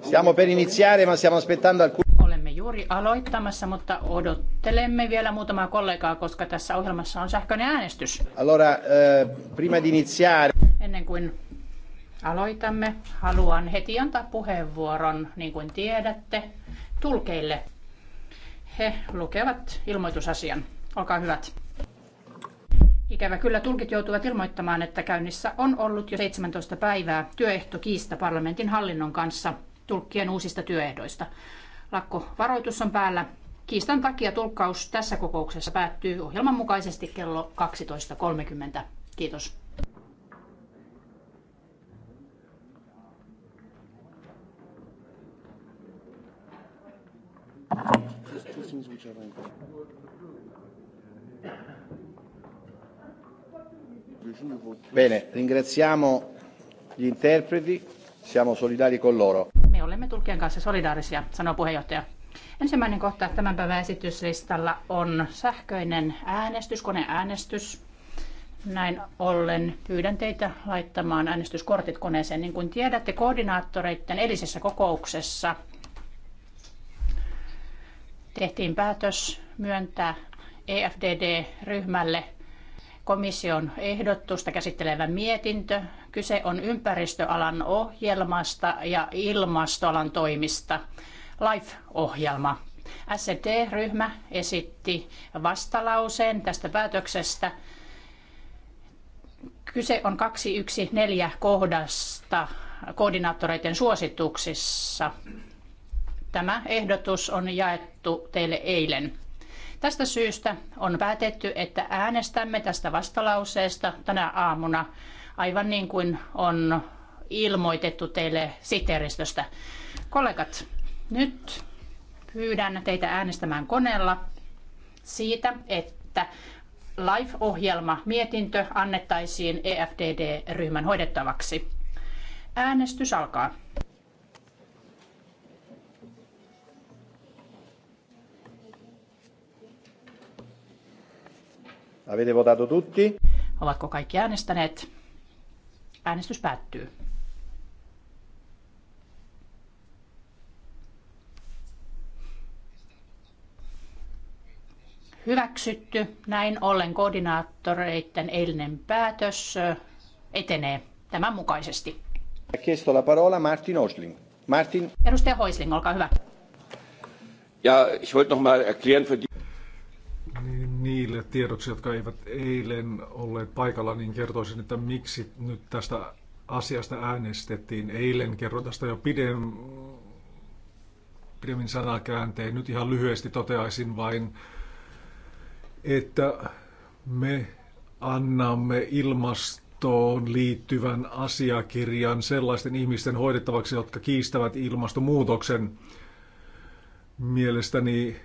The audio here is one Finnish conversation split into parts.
Siamo per iniziare, ma stiamo aspettando alcuni... Olemme juuri aloittamassa, mutta odottelemme vielä muutamaa kollegaa, koska tässä ohjelmassa on sähköinen äänestys. Allora, eh, prima di iniziare... Ennen kuin aloitamme, haluan heti antaa puheenvuoron, niin kuin tiedätte, tulkeille. He lukevat ilmoitusasian. Olkaa hyvät. Ikävä kyllä tulkit joutuvat ilmoittamaan, että käynnissä on ollut jo 17 päivää työehtokiista parlamentin hallinnon kanssa tulkkien uusista työehdoista. Lakkovaroitus on päällä. Kiistan takia tulkkaus tässä kokouksessa päättyy ohjelman mukaisesti kello 12.30. Kiitos. Thank you. Bene, ringraziamo gli interpreti, siamo solidari con loro. Me olemme tulkien kanssa solidaarisia, sanoo puheenjohtaja. Ensimmäinen kohta tämän päivän esityslistalla on sähköinen äänestys, koneäänestys. Näin ollen pyydän teitä laittamaan äänestyskortit koneeseen. Niin kuin tiedätte, koordinaattoreiden edellisessä kokouksessa tehtiin päätös myöntää EFDD-ryhmälle komission ehdotusta käsittelevä mietintö. Kyse on ympäristöalan ohjelmasta ja ilmastoalan toimista. LIFE-ohjelma. SED-ryhmä esitti vastalauseen tästä päätöksestä. Kyse on 214 kohdasta koordinaattoreiden suosituksissa. Tämä ehdotus on jaettu teille eilen. Tästä syystä on päätetty, että äänestämme tästä vastalauseesta tänä aamuna, aivan niin kuin on ilmoitettu teille siteeristöstä. Kollegat, nyt pyydän teitä äänestämään koneella siitä, että live-ohjelma mietintö annettaisiin EFDD-ryhmän hoidettavaksi. Äänestys alkaa. Avete votato tutti? Ovatko kaikki äänestäneet? Äänestys päättyy. Hyväksytty. Näin ollen koordinaattoreiden eilinen päätös etenee tämän mukaisesti. Chiesto la parola Martin Osling. Martin. Edustaja Hoisling, olkaa hyvä. Ja, ich wollte noch mal erklären für die niille tiedoksi, jotka eivät eilen olleet paikalla, niin kertoisin, että miksi nyt tästä asiasta äänestettiin. Eilen kerroin tästä jo pidem, pidemmin sanakääntein. Nyt ihan lyhyesti toteaisin vain, että me annamme ilmastoon liittyvän asiakirjan sellaisten ihmisten hoidettavaksi, jotka kiistävät ilmastonmuutoksen. Mielestäni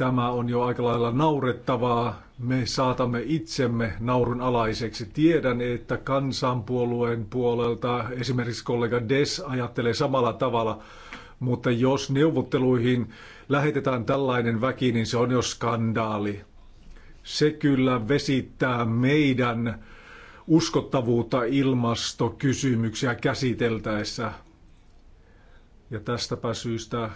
Tämä on jo aika lailla naurettavaa. Me saatamme itsemme naurun alaiseksi. Tiedän, että kansanpuolueen puolelta esimerkiksi kollega Des ajattelee samalla tavalla, mutta jos neuvotteluihin lähetetään tällainen väki, niin se on jo skandaali. Se kyllä vesittää meidän uskottavuutta ilmastokysymyksiä käsiteltäessä. Ja tästäpä syystä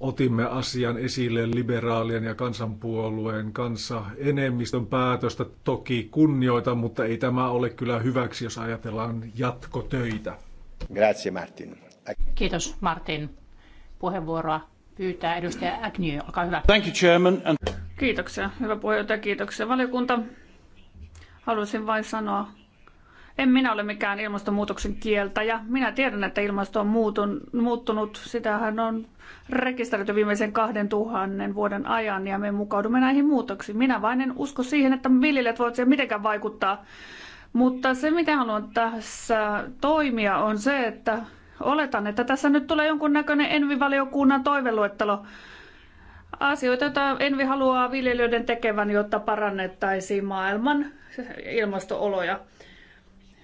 otimme asian esille liberaalien ja kansanpuolueen kanssa. Enemmistön päätöstä toki kunnioita, mutta ei tämä ole kyllä hyväksi, jos ajatellaan jatkotöitä. Grazie Martin. Kiitos Martin. Puheenvuoroa pyytää edustaja Agnew, olkaa hyvä. Thank you, Chairman. And... Kiitoksia, hyvä puheenjohtaja, kiitoksia valiokunta. Haluaisin vain sanoa en minä ole mikään ilmastonmuutoksen kieltäjä. Minä tiedän, että ilmasto on muutun, muuttunut. Sitähän on rekisteröity viimeisen 2000 vuoden ajan ja me mukaudumme näihin muutoksiin. Minä vain en usko siihen, että viljelijät voivat siihen mitenkään vaikuttaa. Mutta se, mitä haluan tässä toimia, on se, että oletan, että tässä nyt tulee jonkunnäköinen Envi-valiokunnan toiveluettelo asioita, joita Envi haluaa viljelijöiden tekevän, jotta parannettaisiin maailman ilmastooloja.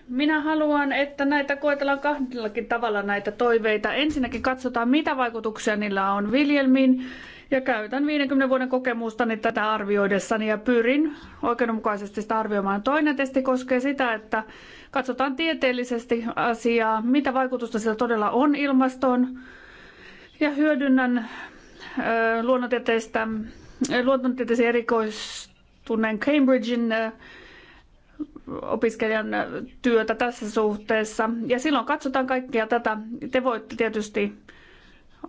Minä haluan, että näitä koetellaan kahdellakin tavalla näitä toiveita. Ensinnäkin katsotaan, mitä vaikutuksia niillä on viljelmiin. Ja käytän 50 vuoden kokemustani tätä arvioidessani ja pyrin oikeudenmukaisesti sitä arvioimaan. Toinen testi koskee sitä, että katsotaan tieteellisesti asiaa, mitä vaikutusta sillä todella on ilmastoon. Ja hyödynnän luonnontieteistä, luonnontieteisiin erikoistuneen Cambridgein opiskelijan työtä tässä suhteessa. Ja silloin katsotaan kaikkea tätä. Te voitte tietysti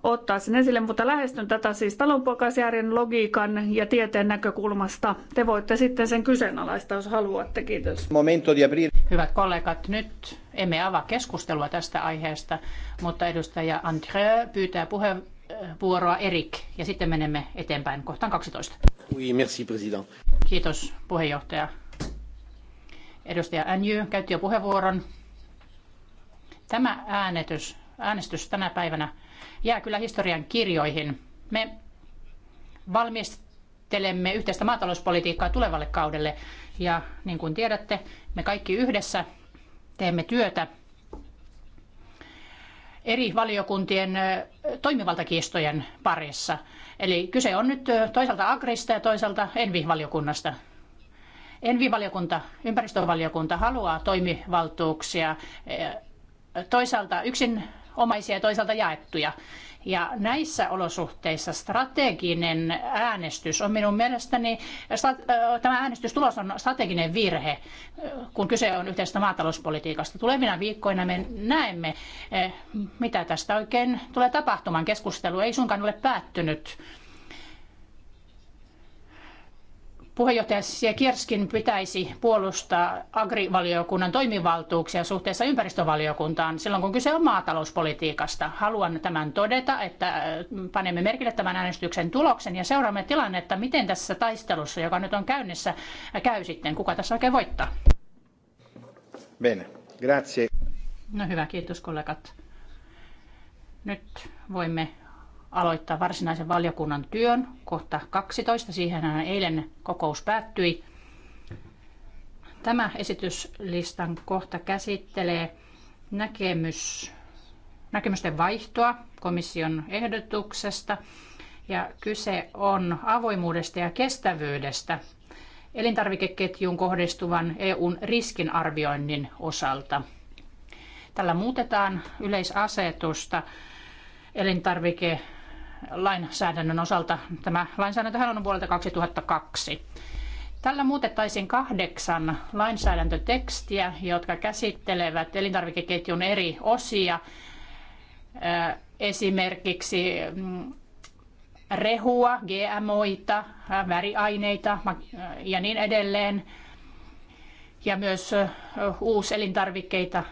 ottaa sen esille, mutta lähestyn tätä siis talonpoikaisjärjen logiikan ja tieteen näkökulmasta. Te voitte sitten sen kyseenalaista, jos haluatte. Kiitos. Momento di aprile Hyvät kollegat, nyt emme avaa keskustelua tästä aiheesta, mutta edustaja André pyytää puheenvuoroa Erik ja sitten menemme eteenpäin kohtaan 12. Oui, merci, president. Kiitos puheenjohtaja. Edustaja Anjy käytti jo puheenvuoron. Tämä äänestys, äänestys tänä päivänä jää kyllä historian kirjoihin. Me valmistelemme yhteistä maatalouspolitiikkaa tulevalle kaudelle ja niin kuin tiedätte, me kaikki yhdessä teemme työtä eri valiokuntien toimivaltakiistojen parissa. Eli kyse on nyt toisaalta Agrista ja toisaalta Envi-valiokunnasta. Envivaliokunta, ympäristövaliokunta haluaa toimivaltuuksia, eh, toisaalta yksin omaisia ja toisaalta jaettuja. Ja näissä olosuhteissa strateginen äänestys on minun mielestäni, eh, tämä äänestystulos on strateginen virhe, kun kyse on yhteisestä maatalouspolitiikasta. Tulevina viikkoina me näemme, eh, mitä tästä oikein tulee tapahtumaan. Keskustelu ei suinkaan ole päättynyt puheenjohtaja Siekierskin pitäisi puolustaa agrivaliokunnan toimivaltuuksia suhteessa ympäristövaliokuntaan silloin, kun kyse on maatalouspolitiikasta. Haluan tämän todeta, että äh, panemme merkille tämän äänestyksen tuloksen ja seuraamme tilannetta, miten tässä taistelussa, joka nyt on käynnissä, äh, käy sitten. Kuka tässä oikein voittaa? Bene, grazie. No hyvä, kiitos kollegat. Nyt voimme aloittaa varsinaisen valiokunnan työn kohta 12. Siihenhän eilen kokous päättyi. Tämä esityslistan kohta käsittelee näkemys, näkemysten vaihtoa komission ehdotuksesta ja kyse on avoimuudesta ja kestävyydestä elintarvikeketjuun kohdistuvan EUn riskinarvioinnin osalta. Tällä muutetaan yleisasetusta elintarvike lainsäädännön osalta. Tämä lainsäädäntöhän on vuodelta 2002. Tällä muutettaisiin kahdeksan lainsäädäntötekstiä, jotka käsittelevät elintarvikeketjun eri osia. Esimerkiksi mm, rehua, GMOita, väriaineita ja niin edelleen. Ja myös uuselintarvikkeita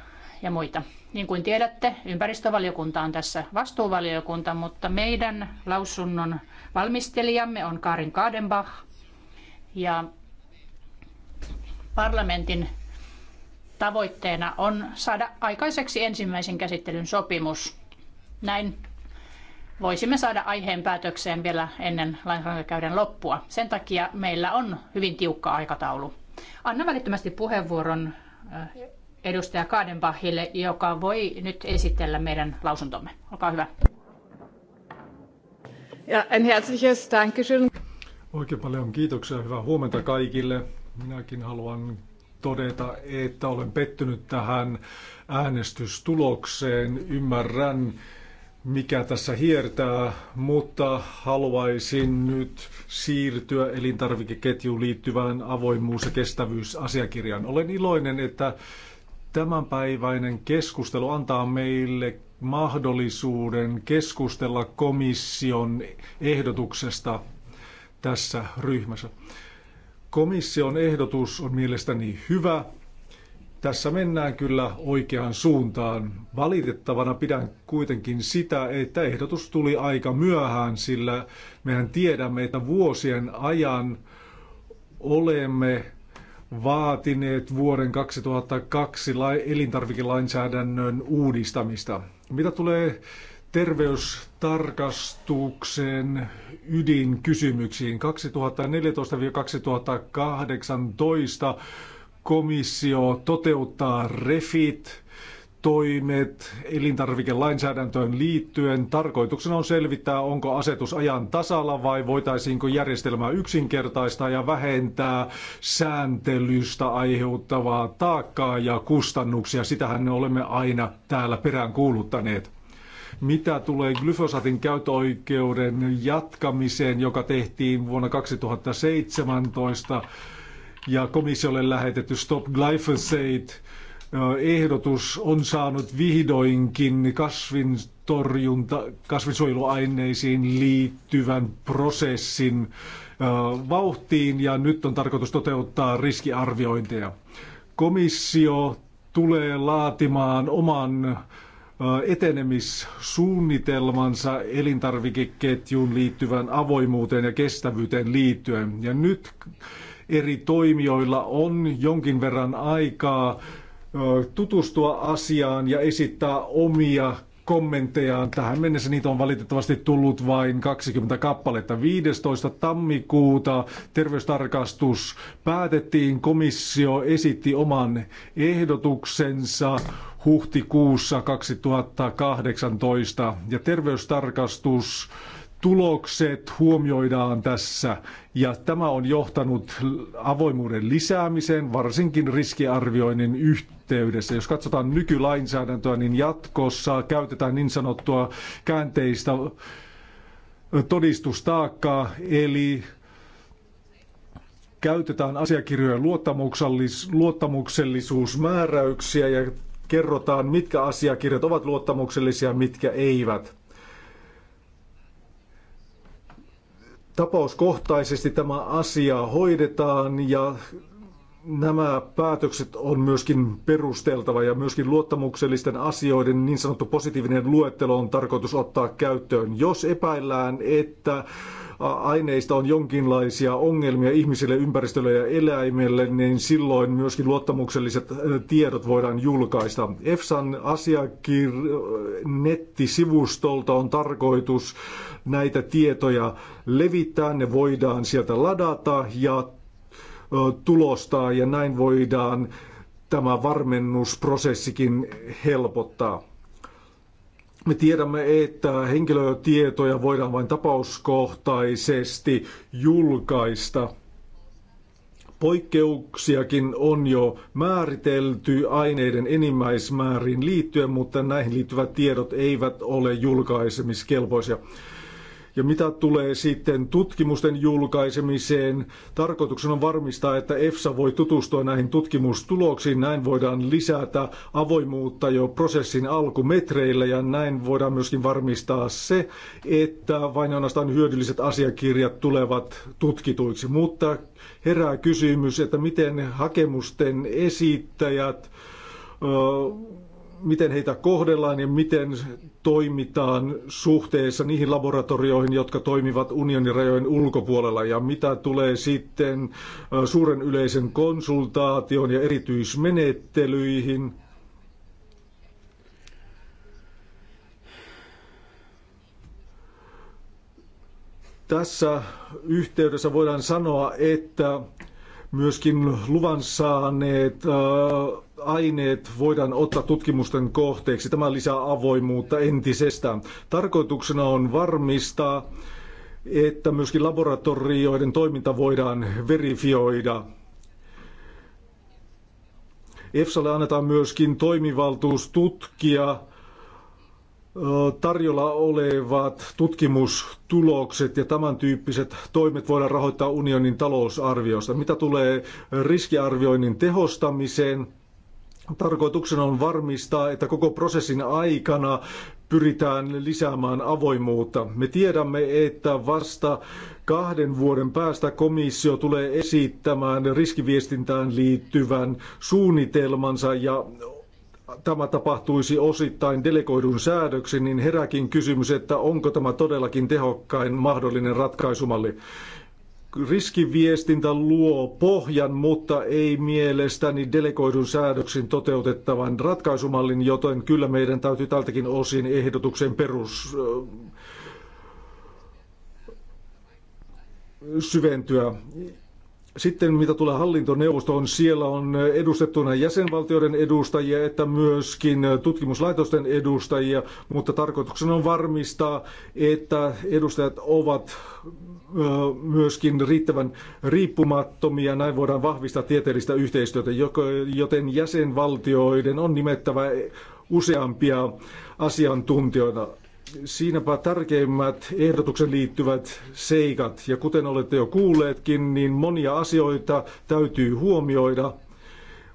ja muita. Niin kuin tiedätte, ympäristövaliokunta on tässä vastuuvaliokunta, mutta meidän lausunnon valmistelijamme on Karin Kadenbach ja parlamentin tavoitteena on saada aikaiseksi ensimmäisen käsittelyn sopimus. Näin voisimme saada aiheen päätökseen vielä ennen lainsäädäntökäyden loppua. Sen takia meillä on hyvin tiukka aikataulu. Anna välittömästi puheenvuoron äh, edustaja Kadenbachille, joka voi nyt esitellä meidän lausuntomme. Olkaa hyvä. Ja ein herzliches Dankeschön. Oikein paljon kiitoksia hyvää huomenta kaikille. Minäkin haluan todeta, että olen pettynyt tähän äänestystulokseen. Ymmärrän, mikä tässä hiertää, mutta haluaisin nyt siirtyä elintarvikeketjuun liittyvään avoimuus- ja kestävyysasiakirjaan. Olen iloinen, että tämänpäiväinen keskustelu antaa meille mahdollisuuden keskustella komission ehdotuksesta tässä ryhmässä. Komission ehdotus on mielestäni hyvä. Tässä mennään kyllä oikeaan suuntaan. Valitettavana pidän kuitenkin sitä, että ehdotus tuli aika myöhään, sillä mehän tiedämme, että vuosien ajan olemme vaatineet vuoden 2002 elintarvikelainsäädännön uudistamista. Mitä tulee terveystarkastuksen ydinkysymyksiin 2014-2018 komissio toteuttaa REFIT toimet elintarvikelainsäädäntöön liittyen. Tarkoituksena on selvittää, onko asetus ajan tasalla vai voitaisiinko järjestelmää yksinkertaistaa ja vähentää sääntelystä aiheuttavaa taakkaa ja kustannuksia. Sitähän me olemme aina täällä perään kuuluttaneet. Mitä tulee glyfosatin käyttöoikeuden jatkamiseen, joka tehtiin vuonna 2017 ja komissiolle lähetetty Stop Glyphosate ehdotus on saanut vihdoinkin kasvin kasvinsuojeluaineisiin liittyvän prosessin äh, vauhtiin ja nyt on tarkoitus toteuttaa riskiarviointeja. Komissio tulee laatimaan oman äh, etenemissuunnitelmansa elintarvikeketjuun liittyvän avoimuuteen ja kestävyyteen liittyen. Ja nyt eri toimijoilla on jonkin verran aikaa tutustua asiaan ja esittää omia kommenttejaan. Tähän mennessä niitä on valitettavasti tullut vain 20 kappaletta. 15. tammikuuta terveystarkastus päätettiin. Komissio esitti oman ehdotuksensa huhtikuussa 2018 ja terveystarkastus tulokset huomioidaan tässä ja tämä on johtanut avoimuuden lisäämiseen, varsinkin riskiarvioinnin yhteydessä yhteydessä. Jos katsotaan nykylainsäädäntöä, niin jatkossa käytetään niin sanottua käänteistä todistustaakkaa, eli käytetään asiakirjojen luottamuksellisuusmääräyksiä ja kerrotaan, mitkä asiakirjat ovat luottamuksellisia, mitkä eivät. Tapauskohtaisesti tämä asia hoidetaan ja nämä päätökset on myöskin perusteltava ja myöskin luottamuksellisten asioiden niin sanottu positiivinen luettelo on tarkoitus ottaa käyttöön. Jos epäillään, että aineista on jonkinlaisia ongelmia ihmisille, ympäristölle ja eläimelle, niin silloin myöskin luottamukselliset tiedot voidaan julkaista. EFSAn asiakir- nettisivustolta on tarkoitus näitä tietoja levittää, ne voidaan sieltä ladata ja tulosta ja näin voidaan tämä varmennusprosessikin helpottaa. Me tiedämme, että henkilötietoja voidaan vain tapauskohtaisesti julkaista. Poikkeuksiakin on jo määritelty aineiden enimmäismääriin liittyen, mutta näihin liittyvät tiedot eivät ole julkaisemiskelpoisia. Ja mitä tulee sitten tutkimusten julkaisemiseen, tarkoituksena on varmistaa, että EFSA voi tutustua näihin tutkimustuloksiin. Näin voidaan lisätä avoimuutta jo prosessin alkumetreillä ja näin voidaan myöskin varmistaa se, että vain ainoastaan hyödylliset asiakirjat tulevat tutkituiksi. Mutta herää kysymys, että miten hakemusten esittäjät öö, miten heitä kohdellaan ja miten toimitaan suhteessa niihin laboratorioihin, jotka toimivat unionin rajojen ulkopuolella ja mitä tulee sitten suuren yleisen konsultaation ja erityismenettelyihin. Tässä yhteydessä voidaan sanoa, että Myöskin luvan saaneet äh, aineet voidaan ottaa tutkimusten kohteeksi. Tämä lisää avoimuutta entisestään. Tarkoituksena on varmistaa, että myöskin laboratorioiden toiminta voidaan verifioida. EFSAlle annetaan myöskin toimivaltuus tutkia tarjolla olevat tutkimustulokset ja tämän tyyppiset toimet voidaan rahoittaa unionin talousarviosta. Mitä tulee riskiarvioinnin tehostamiseen, tarkoituksena on varmistaa, että koko prosessin aikana pyritään lisäämään avoimuutta. Me tiedämme, että vasta kahden vuoden päästä komissio tulee esittämään riskiviestintään liittyvän suunnitelmansa ja tämä tapahtuisi osittain delegoidun säädöksi, niin heräkin kysymys, että onko tämä todellakin tehokkain mahdollinen ratkaisumalli. Riskiviestintä luo pohjan, mutta ei mielestäni delegoidun säädöksin toteutettavan ratkaisumallin, joten kyllä meidän täytyy tältäkin osin ehdotuksen perus syventyä. Sitten mitä tulee hallintoneuvostoon, siellä on edustettuna jäsenvaltioiden edustajia, että myöskin tutkimuslaitosten edustajia, mutta tarkoituksena on varmistaa, että edustajat ovat myöskin riittävän riippumattomia. Näin voidaan vahvistaa tieteellistä yhteistyötä, joten jäsenvaltioiden on nimettävä useampia asiantuntijoita Siinäpä tärkeimmät ehdotuksen liittyvät seikat. Ja kuten olette jo kuulleetkin, niin monia asioita täytyy huomioida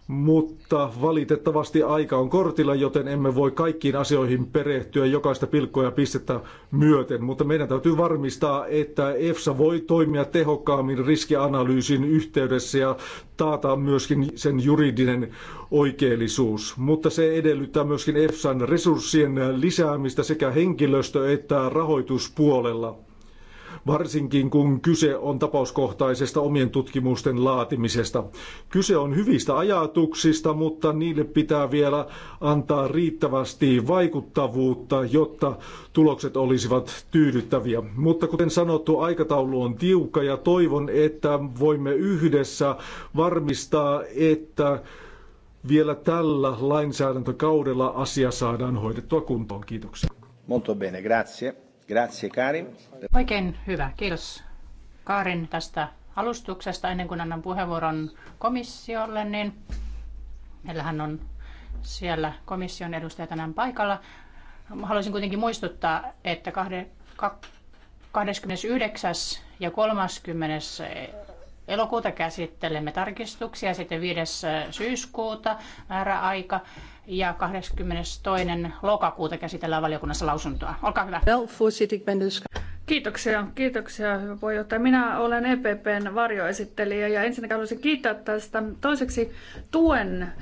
mutta valitettavasti aika on kortilla, joten emme voi kaikkiin asioihin perehtyä jokaista pilkkoa ja pistettä myöten. Mutta meidän täytyy varmistaa, että EFSA voi toimia tehokkaammin riskianalyysin yhteydessä ja taata myöskin sen juridinen oikeellisuus. Mutta se edellyttää myöskin EFSAn resurssien lisäämistä sekä henkilöstö- että rahoituspuolella varsinkin kun kyse on tapauskohtaisesta omien tutkimusten laatimisesta. Kyse on hyvistä ajatuksista, mutta niille pitää vielä antaa riittävästi vaikuttavuutta, jotta tulokset olisivat tyydyttäviä. Mutta kuten sanottu, aikataulu on tiukka ja toivon, että voimme yhdessä varmistaa, että vielä tällä lainsäädäntökaudella asia saadaan hoidettua kuntoon. Kiitoksia. Molto bene, grazie. Grazie, Karin. Oikein hyvä. Kiitos Karin tästä alustuksesta. Ennen kuin annan puheenvuoron komissiolle, niin meillähän on siellä komission edustaja tänään paikalla. Haluaisin kuitenkin muistuttaa, että 29. ja 30. elokuuta käsittelemme tarkistuksia, sitten 5. syyskuuta määräaika ja 22. lokakuuta käsitellään valiokunnassa lausuntoa. Olkaa hyvä. Kiitoksia, kiitoksia hyvä puheenjohtaja. Minä olen EPPn varjoesittelijä ja ensinnäkin haluaisin kiittää tästä. Toiseksi tuen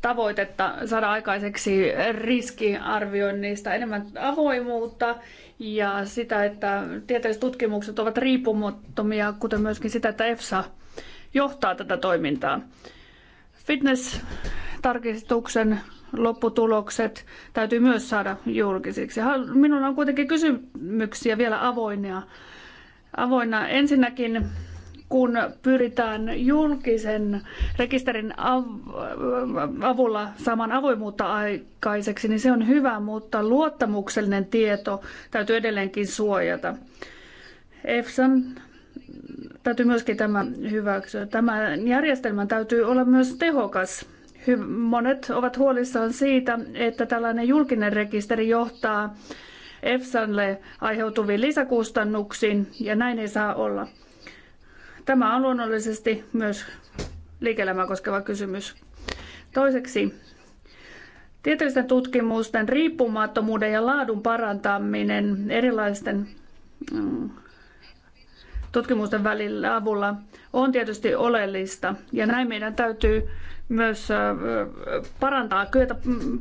tavoitetta saada aikaiseksi riskiarvioinnista enemmän avoimuutta ja sitä, että tieteelliset tutkimukset ovat riippumattomia, kuten myöskin sitä, että EFSA johtaa tätä toimintaa. Fitness-tarkistuksen lopputulokset täytyy myös saada julkisiksi. Minulla on kuitenkin kysymyksiä vielä avoinna. avoinna. Ensinnäkin, kun pyritään julkisen rekisterin avulla saamaan avoimuutta aikaiseksi, niin se on hyvä, mutta luottamuksellinen tieto täytyy edelleenkin suojata. EFSAn Täytyy myöskin tämä hyväksyä. Tämän järjestelmän täytyy olla myös tehokas. Monet ovat huolissaan siitä, että tällainen julkinen rekisteri johtaa EFSAlle aiheutuviin lisäkustannuksiin, ja näin ei saa olla. Tämä on luonnollisesti myös liike koskeva kysymys. Toiseksi, tieteellisten tutkimusten riippumattomuuden ja laadun parantaminen erilaisten mm, tutkimusten välillä avulla on tietysti oleellista. Ja näin meidän täytyy myös parantaa, kyetä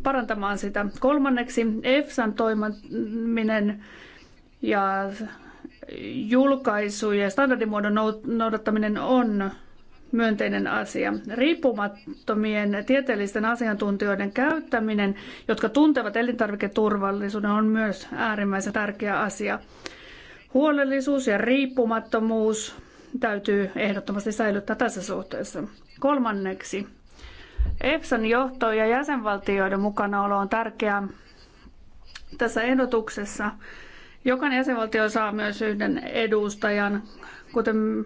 parantamaan sitä. Kolmanneksi EFSAn toimiminen ja julkaisu ja standardimuodon noudattaminen on myönteinen asia. Riippumattomien tieteellisten asiantuntijoiden käyttäminen, jotka tuntevat elintarviketurvallisuuden, on myös äärimmäisen tärkeä asia. Huolellisuus ja riippumattomuus täytyy ehdottomasti säilyttää tässä suhteessa. Kolmanneksi, EFSAn johto ja jäsenvaltioiden mukanaolo on tärkeää tässä ehdotuksessa. Jokainen jäsenvaltio saa myös yhden edustajan, kuten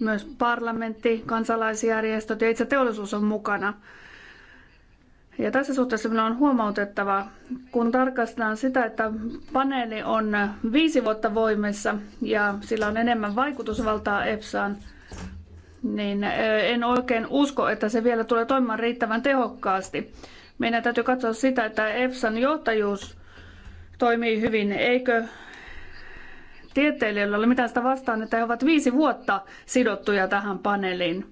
myös parlamentti, kansalaisjärjestöt ja itse teollisuus on mukana. Ja tässä suhteessa minulla on huomautettava, kun tarkastetaan sitä, että paneeli on viisi vuotta voimissa ja sillä on enemmän vaikutusvaltaa EPSAan, niin en oikein usko, että se vielä tulee toimimaan riittävän tehokkaasti. Meidän täytyy katsoa sitä, että EPSAn johtajuus toimii hyvin. Eikö tieteilijöillä ole mitään sitä vastaan, että he ovat viisi vuotta sidottuja tähän paneeliin?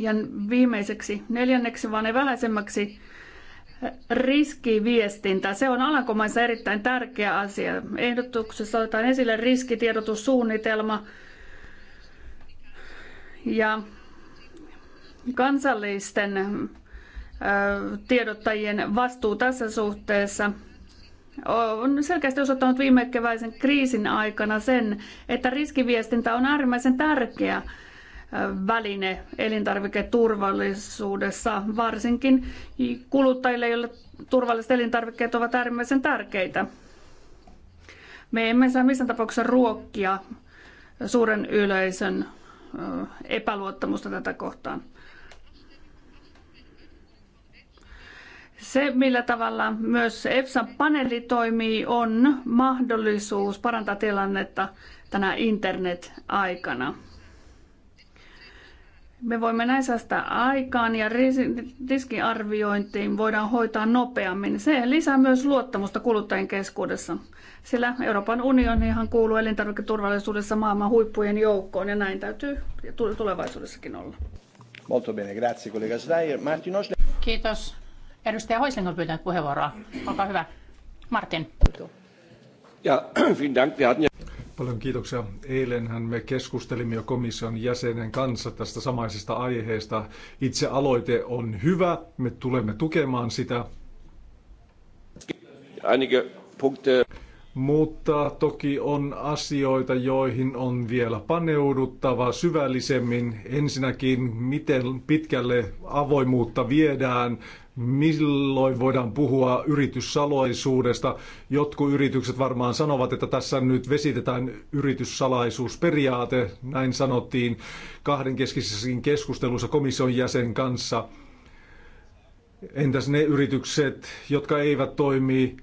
ja viimeiseksi neljänneksi, vaan ne vähäisemmäksi, riskiviestintä. Se on Alankomaissa erittäin tärkeä asia. Ehdotuksessa otetaan esille riskitiedotussuunnitelma ja kansallisten tiedottajien vastuu tässä suhteessa on selkeästi osoittanut viime keväisen kriisin aikana sen, että riskiviestintä on äärimmäisen tärkeää väline elintarviketurvallisuudessa, varsinkin kuluttajille, joille turvalliset elintarvikkeet ovat äärimmäisen tärkeitä. Me emme saa missään tapauksessa ruokkia suuren yleisön epäluottamusta tätä kohtaan. Se, millä tavalla myös EFSA paneeli toimii, on mahdollisuus parantaa tilannetta tänä internet-aikana. Me voimme näin säästää aikaan ja riskiarviointiin voidaan hoitaa nopeammin. Se lisää myös luottamusta kuluttajien keskuudessa, sillä Euroopan unionihan kuuluu elintarviketurvallisuudessa maailman huippujen joukkoon ja näin täytyy tulevaisuudessakin olla. Molto bene, grazie collega Martin Kiitos. Edustaja Hoisling on pyytänyt puheenvuoroa. Olkaa hyvä. Martin. Ja, vielen Dank. Wir hatten Paljon kiitoksia. Eilenhän me keskustelimme jo komission jäsenen kanssa tästä samaisesta aiheesta. Itse aloite on hyvä, me tulemme tukemaan sitä. Mutta toki on asioita, joihin on vielä paneuduttava syvällisemmin. Ensinnäkin, miten pitkälle avoimuutta viedään milloin voidaan puhua yrityssalaisuudesta. Jotkut yritykset varmaan sanovat, että tässä nyt vesitetään yrityssalaisuusperiaate, näin sanottiin kahdenkeskisessäkin keskustelussa komission jäsen kanssa. Entäs ne yritykset, jotka eivät toimi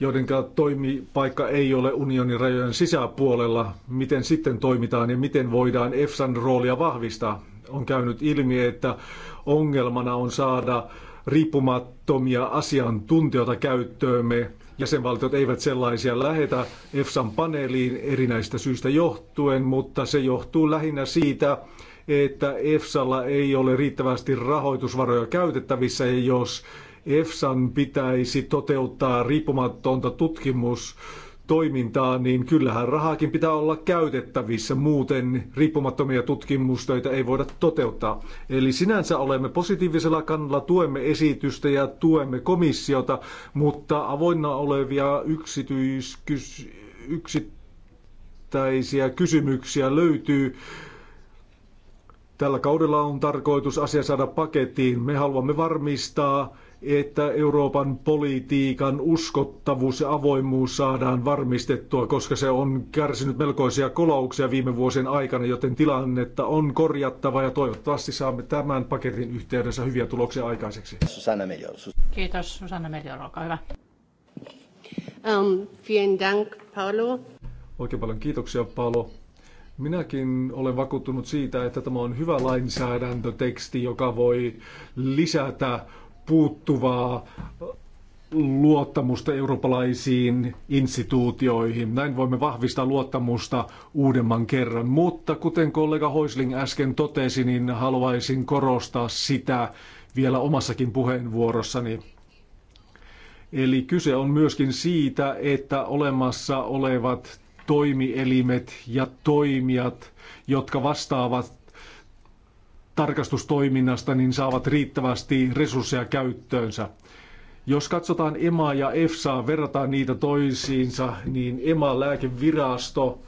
joiden toimipaikka ei ole unionin rajojen sisäpuolella, miten sitten toimitaan ja miten voidaan EFSAn roolia vahvistaa. On käynyt ilmi, että ongelmana on saada riippumattomia asiantuntijoita käyttöömme. Jäsenvaltiot eivät sellaisia lähetä EFSAn paneeliin erinäistä syistä johtuen, mutta se johtuu lähinnä siitä, että EFSAlla ei ole riittävästi rahoitusvaroja käytettävissä ja jos EFSAn pitäisi toteuttaa riippumatonta tutkimus, toimintaa, niin kyllähän rahaakin pitää olla käytettävissä, muuten riippumattomia tutkimustöitä ei voida toteuttaa. Eli sinänsä olemme positiivisella kannalla, tuemme esitystä ja tuemme komissiota, mutta avoinna olevia yksityiskys... yksittäisiä kysymyksiä löytyy. Tällä kaudella on tarkoitus asia saada pakettiin. Me haluamme varmistaa, että Euroopan politiikan uskottavuus ja avoimuus saadaan varmistettua, koska se on kärsinyt melkoisia kolauksia viime vuosien aikana, joten tilannetta on korjattava ja toivottavasti saamme tämän paketin yhteydessä hyviä tuloksia aikaiseksi. Susanna Melior. Kiitos Susanna Melior, olkaa hyvä. Um, vielen dank, Paolo. Oikein paljon kiitoksia, Paolo. Minäkin olen vakuuttunut siitä, että tämä on hyvä lainsäädäntöteksti, joka voi lisätä puuttuvaa luottamusta eurooppalaisiin instituutioihin. Näin voimme vahvistaa luottamusta uudemman kerran. Mutta kuten kollega Hoisling äsken totesi, niin haluaisin korostaa sitä vielä omassakin puheenvuorossani. Eli kyse on myöskin siitä, että olemassa olevat toimielimet ja toimijat, jotka vastaavat tarkastustoiminnasta, niin saavat riittävästi resursseja käyttöönsä. Jos katsotaan EMA ja EFSA, verrataan niitä toisiinsa, niin EMA lääkevirasto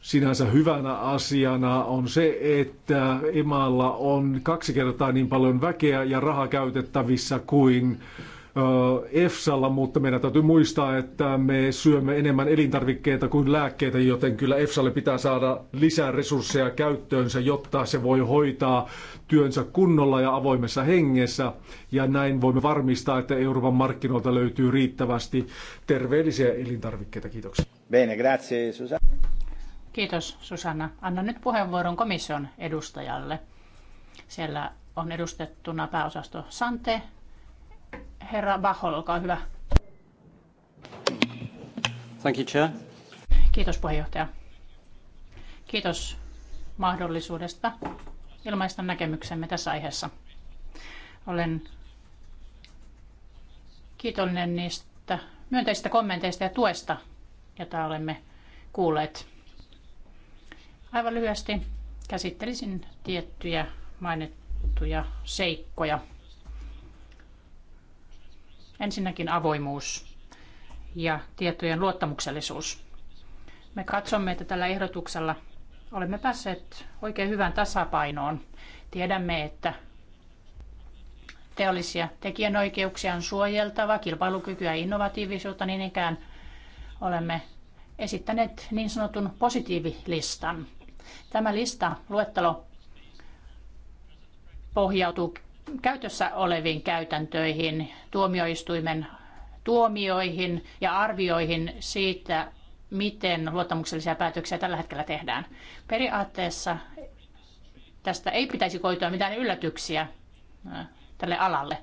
sinänsä hyvänä asiana on se, että EMAlla on kaksi kertaa niin paljon väkeä ja rahaa käytettävissä kuin EFSalla, mutta meidän täytyy muistaa, että me syömme enemmän elintarvikkeita kuin lääkkeitä, joten kyllä EFSalle pitää saada lisää resursseja käyttöönsä, jotta se voi hoitaa työnsä kunnolla ja avoimessa hengessä. Ja näin voimme varmistaa, että Euroopan markkinoilta löytyy riittävästi terveellisiä elintarvikkeita. Kiitoksia. Bene, grazie, Susanna. Kiitos, Susanna. Annan nyt puheenvuoron komission edustajalle. Siellä on edustettuna pääosasto Sante, Herra Bahol, olkaa hyvä. Thank you, Chair. Kiitos puheenjohtaja. Kiitos mahdollisuudesta ilmaista näkemyksemme tässä aiheessa. Olen kiitollinen niistä myönteisistä kommenteista ja tuesta, jota olemme kuulleet. Aivan lyhyesti käsittelisin tiettyjä mainittuja seikkoja. Ensinnäkin avoimuus ja tietojen luottamuksellisuus. Me katsomme, että tällä ehdotuksella olemme päässeet oikein hyvään tasapainoon. Tiedämme, että teollisia tekijänoikeuksia on suojeltava, kilpailukykyä ja innovatiivisuutta niin ikään olemme esittäneet niin sanotun positiivilistan. Tämä lista, luettelo, pohjautuu käytössä oleviin käytäntöihin, tuomioistuimen tuomioihin ja arvioihin siitä, miten luottamuksellisia päätöksiä tällä hetkellä tehdään. Periaatteessa tästä ei pitäisi koitua mitään yllätyksiä tälle alalle.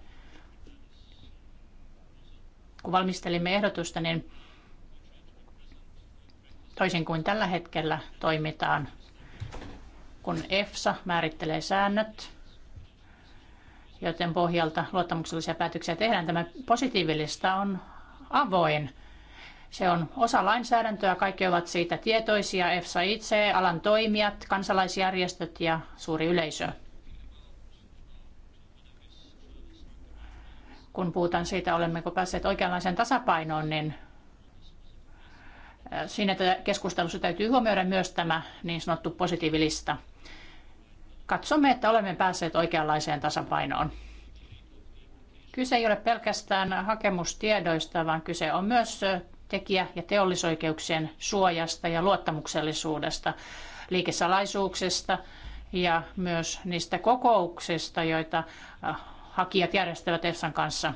Kun valmistelimme ehdotusta, niin toisin kuin tällä hetkellä toimitaan, kun EFSA määrittelee säännöt, joten pohjalta luottamuksellisia päätöksiä tehdään. Tämä positiivilista on avoin. Se on osa lainsäädäntöä, kaikki ovat siitä tietoisia, EFSA itse, alan toimijat, kansalaisjärjestöt ja suuri yleisö. Kun puhutaan siitä, olemmeko päässeet oikeanlaiseen tasapainoon, niin siinä keskustelussa täytyy huomioida myös tämä niin sanottu positiivilista katsomme, että olemme päässeet oikeanlaiseen tasapainoon. Kyse ei ole pelkästään hakemustiedoista, vaan kyse on myös tekijä- ja teollisoikeuksien suojasta ja luottamuksellisuudesta, liikesalaisuuksista ja myös niistä kokouksista, joita äh, hakijat järjestävät EFSAn kanssa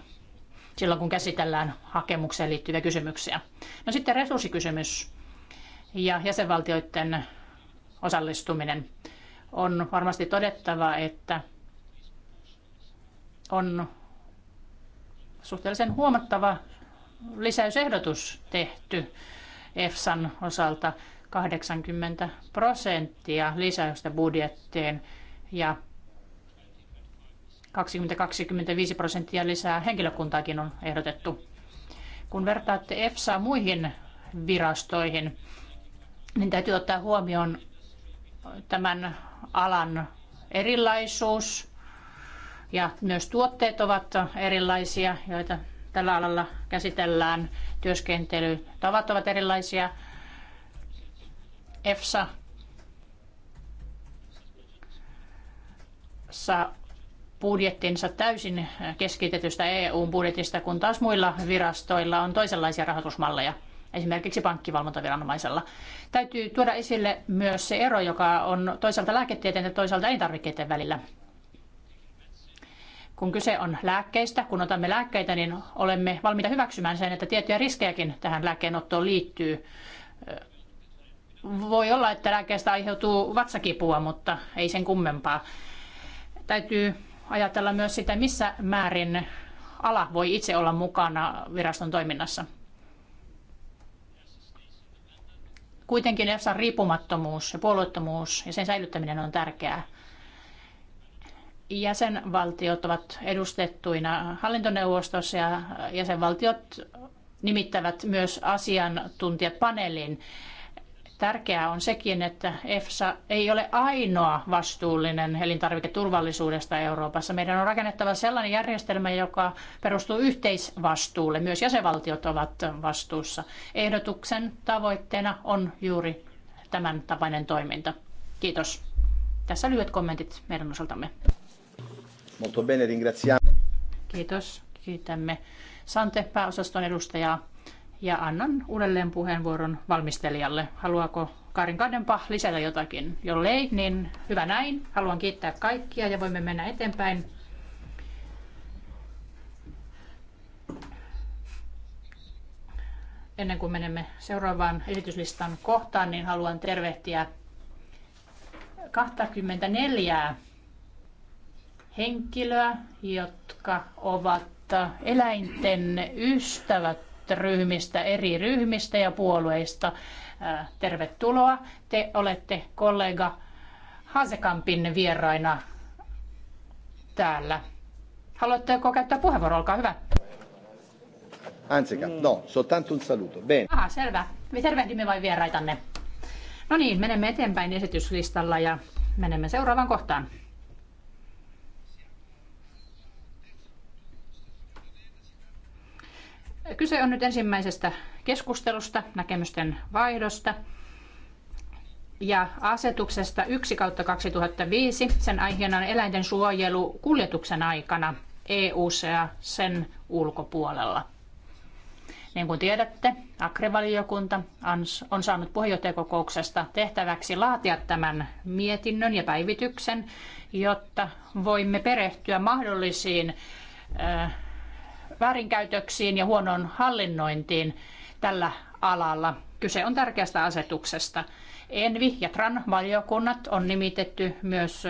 silloin, kun käsitellään hakemukseen liittyviä kysymyksiä. No sitten resurssikysymys ja jäsenvaltioiden osallistuminen on varmasti todettava, että on suhteellisen huomattava lisäysehdotus tehty EFSAn osalta 80 prosenttia lisäystä budjettiin ja 20-25 prosenttia lisää henkilökuntaakin on ehdotettu. Kun vertaatte EFSA muihin virastoihin, niin täytyy ottaa huomioon tämän alan erilaisuus ja myös tuotteet ovat erilaisia, joita tällä alalla käsitellään. Työskentelytavat ovat erilaisia. EFSA saa budjettinsa täysin keskitetystä EU-budjetista, kun taas muilla virastoilla on toisenlaisia rahoitusmalleja esimerkiksi pankkivalvontaviranomaisella. Täytyy tuoda esille myös se ero, joka on toisaalta lääketieteen ja toisaalta elintarvikkeiden välillä. Kun kyse on lääkkeistä, kun otamme lääkkeitä, niin olemme valmiita hyväksymään sen, että tiettyjä riskejäkin tähän lääkkeenottoon liittyy. Voi olla, että lääkkeestä aiheutuu vatsakipua, mutta ei sen kummempaa. Täytyy ajatella myös sitä, missä määrin ala voi itse olla mukana viraston toiminnassa. Kuitenkin EFSAn riippumattomuus ja puolueettomuus ja sen säilyttäminen on tärkeää. Jäsenvaltiot ovat edustettuina hallintoneuvostossa ja jäsenvaltiot nimittävät myös asiantuntijapaneelin Tärkeää on sekin, että EFSA ei ole ainoa vastuullinen elintarviketurvallisuudesta Euroopassa. Meidän on rakennettava sellainen järjestelmä, joka perustuu yhteisvastuulle. Myös jäsenvaltiot ovat vastuussa. Ehdotuksen tavoitteena on juuri tämän tapainen toiminta. Kiitos. Tässä lyhyet kommentit meidän osaltamme. Molto bene, ringraziamo. Kiitos. Kiitämme Sante pääosaston edustajaa ja annan uudelleen puheenvuoron valmistelijalle. Haluaako Karin Kadenpa lisätä jotakin? Jollei, niin hyvä näin. Haluan kiittää kaikkia ja voimme mennä eteenpäin. Ennen kuin menemme seuraavaan esityslistan kohtaan, niin haluan tervehtiä 24 henkilöä, jotka ovat eläinten ystävät ryhmistä, eri ryhmistä ja puolueista. Tervetuloa. Te olette kollega Hasekampin vieraina täällä. Haluatteko käyttää puheenvuoron? Olkaa hyvä. Anzica, no, soltanto un saluto. Bene. Aha, selvä. Me tervehdimme vain vieraitanne. No niin, menemme eteenpäin esityslistalla ja menemme seuraavaan kohtaan. Kyse on nyt ensimmäisestä keskustelusta, näkemysten vaihdosta ja asetuksesta 1 kautta 2005. Sen aiheena on eläinten suojelu kuljetuksen aikana eu ja sen ulkopuolella. Niin kuin tiedätte, Akrevaliokunta on saanut puheenjohtajakokouksesta tehtäväksi laatia tämän mietinnön ja päivityksen, jotta voimme perehtyä mahdollisiin väärinkäytöksiin ja huonoon hallinnointiin tällä alalla. Kyse on tärkeästä asetuksesta. Envi ja Tran valiokunnat on nimitetty myös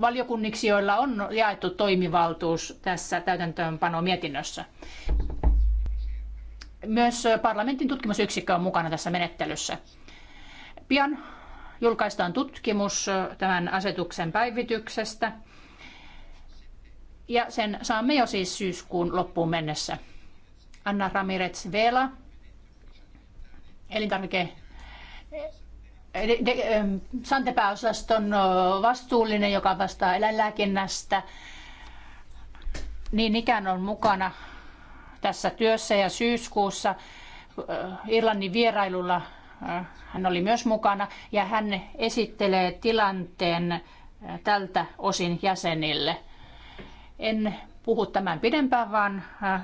valiokunniksi, joilla on jaettu toimivaltuus tässä täytäntöönpanomietinnössä. Myös parlamentin tutkimusyksikkö on mukana tässä menettelyssä. Pian julkaistaan tutkimus tämän asetuksen päivityksestä ja sen saamme jo siis syyskuun loppuun mennessä. Anna Ramirez Vela, elintarvike eh, eh, Santepääosaston eh, vastuullinen, joka vastaa eläinlääkinnästä, niin ikään on mukana tässä työssä ja syyskuussa Irlannin vierailulla hän oli myös mukana ja hän esittelee tilanteen tältä osin jäsenille – en puhu tämän pidempään, vaan äh,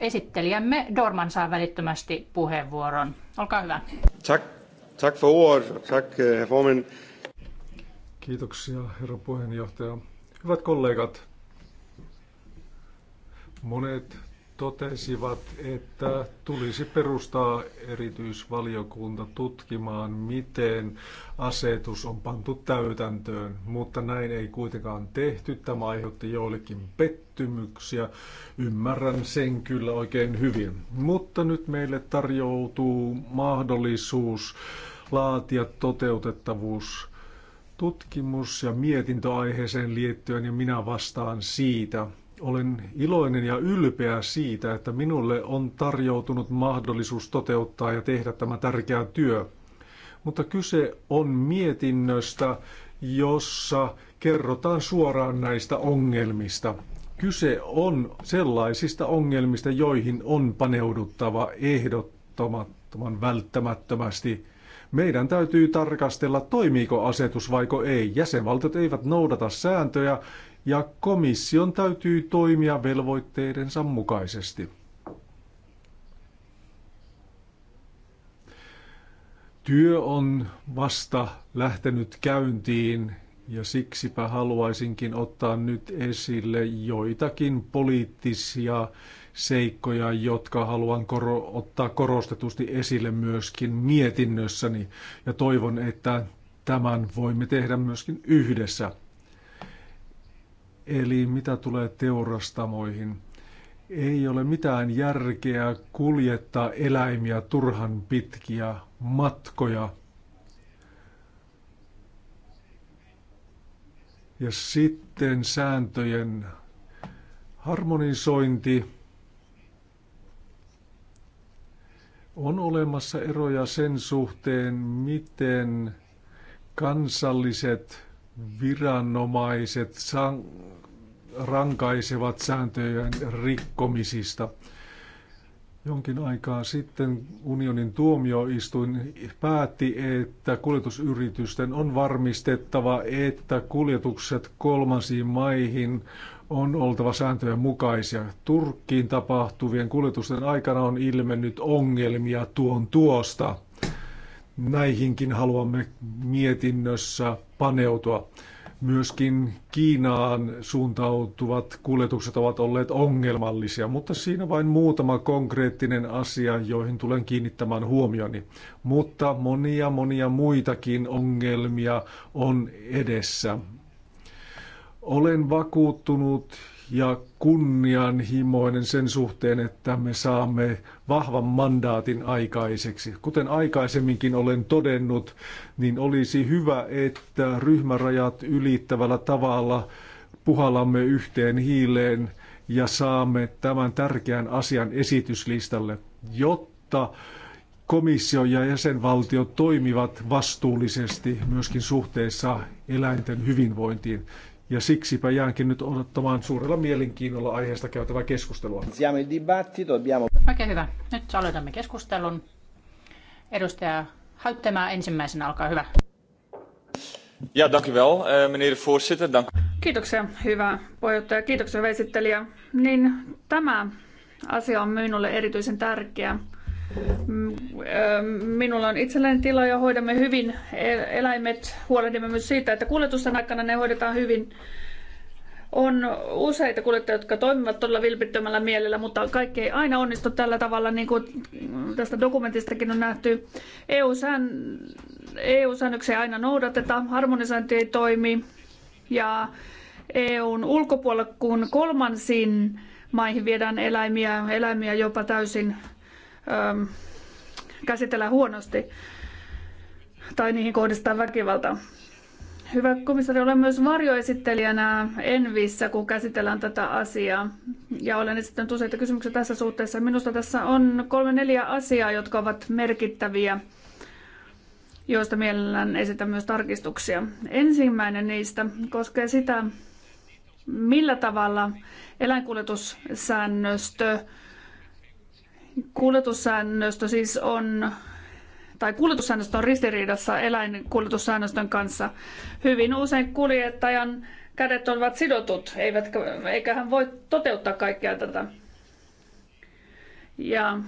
esittelijämme Dorman saa välittömästi puheenvuoron. Olkaa hyvä. Tack, tack för ord. Tack, øh, herr Kiitoksia, herra puheenjohtaja. Hyvät kollegat, monet totesivat, että tulisi perustaa erityisvaliokunta tutkimaan, miten asetus on pantu täytäntöön, mutta näin ei kuitenkaan tehty. Tämä aiheutti joillekin pettymyksiä. Ymmärrän sen kyllä oikein hyvin. Mutta nyt meille tarjoutuu mahdollisuus laatia toteutettavuus tutkimus ja mietintöaiheeseen liittyen ja minä vastaan siitä. Olen iloinen ja ylpeä siitä, että minulle on tarjoutunut mahdollisuus toteuttaa ja tehdä tämä tärkeä työ. Mutta kyse on mietinnöstä, jossa kerrotaan suoraan näistä ongelmista. Kyse on sellaisista ongelmista, joihin on paneuduttava ehdottoman välttämättömästi. Meidän täytyy tarkastella, toimiiko asetus vaiko ei. Jäsenvaltiot eivät noudata sääntöjä ja komission täytyy toimia velvoitteidensa mukaisesti. Työ on vasta lähtenyt käyntiin ja siksipä haluaisinkin ottaa nyt esille joitakin poliittisia seikkoja, jotka haluan koro- ottaa korostetusti esille myöskin mietinnössäni ja toivon, että tämän voimme tehdä myöskin yhdessä. Eli mitä tulee teurastamoihin, ei ole mitään järkeä kuljettaa eläimiä turhan pitkiä matkoja. Ja sitten sääntöjen harmonisointi. On olemassa eroja sen suhteen, miten kansalliset viranomaiset sang rankaisevat sääntöjen rikkomisista. Jonkin aikaa sitten unionin tuomioistuin päätti, että kuljetusyritysten on varmistettava, että kuljetukset kolmansiin maihin on oltava sääntöjen mukaisia. Turkkiin tapahtuvien kuljetusten aikana on ilmennyt ongelmia tuon tuosta. Näihinkin haluamme mietinnössä paneutua. Myöskin Kiinaan suuntautuvat kuljetukset ovat olleet ongelmallisia, mutta siinä vain muutama konkreettinen asia, joihin tulen kiinnittämään huomioni. Mutta monia monia muitakin ongelmia on edessä. Olen vakuuttunut ja kunnianhimoinen sen suhteen, että me saamme vahvan mandaatin aikaiseksi. Kuten aikaisemminkin olen todennut, niin olisi hyvä, että ryhmärajat ylittävällä tavalla puhalamme yhteen hiileen ja saamme tämän tärkeän asian esityslistalle, jotta komissio ja jäsenvaltiot toimivat vastuullisesti myöskin suhteessa eläinten hyvinvointiin. Ja siksipä jäänkin nyt odottamaan suurella mielenkiinnolla aiheesta käytävää keskustelua. Oikein hyvä. Nyt aloitamme keskustelun. Edustaja Häyttämää ensimmäisenä, olkaa hyvä. Ja, dank u wel, eh, meneer de voorzitter. Dank. Kiitoksia, hyvä puheenjohtaja. Kiitoksia, hyvä esittelijä. Niin, tämä asia on minulle erityisen tärkeä. Mm, minulla on itselläni tila ja hoidamme hyvin eläimet. Huolehdimme myös siitä, että kuljetusten aikana ne hoidetaan hyvin. On useita kuljettajia, jotka toimivat todella vilpittömällä mielellä, mutta kaikki ei aina onnistu tällä tavalla, niin kuin tästä dokumentistakin on nähty. EU-säännöksiä e EU aina noudatetaan, harmonisointi ei toimi ja EUn ulkopuolella, kun kolmansiin maihin viedään eläimiä, eläimiä jopa täysin käsitellään huonosti tai niihin kohdistetaan väkivaltaa. Hyvä komissaari, olen myös varjoesittelijänä Envissä, kun käsitellään tätä asiaa. Ja olen esittänyt useita kysymyksiä tässä suhteessa. Minusta tässä on kolme neljä asiaa, jotka ovat merkittäviä, joista mielellään esitän myös tarkistuksia. Ensimmäinen niistä koskee sitä, millä tavalla eläinkuljetussäännöstö Kuljetussäännöstö siis on tai kuljetussäännöstö on ristiriidassa eläinkuljetussäännöstön kanssa. Hyvin usein kuljettajan kädet ovat sidotut, eivätkä, eikä hän voi toteuttaa kaikkea tätä. Ja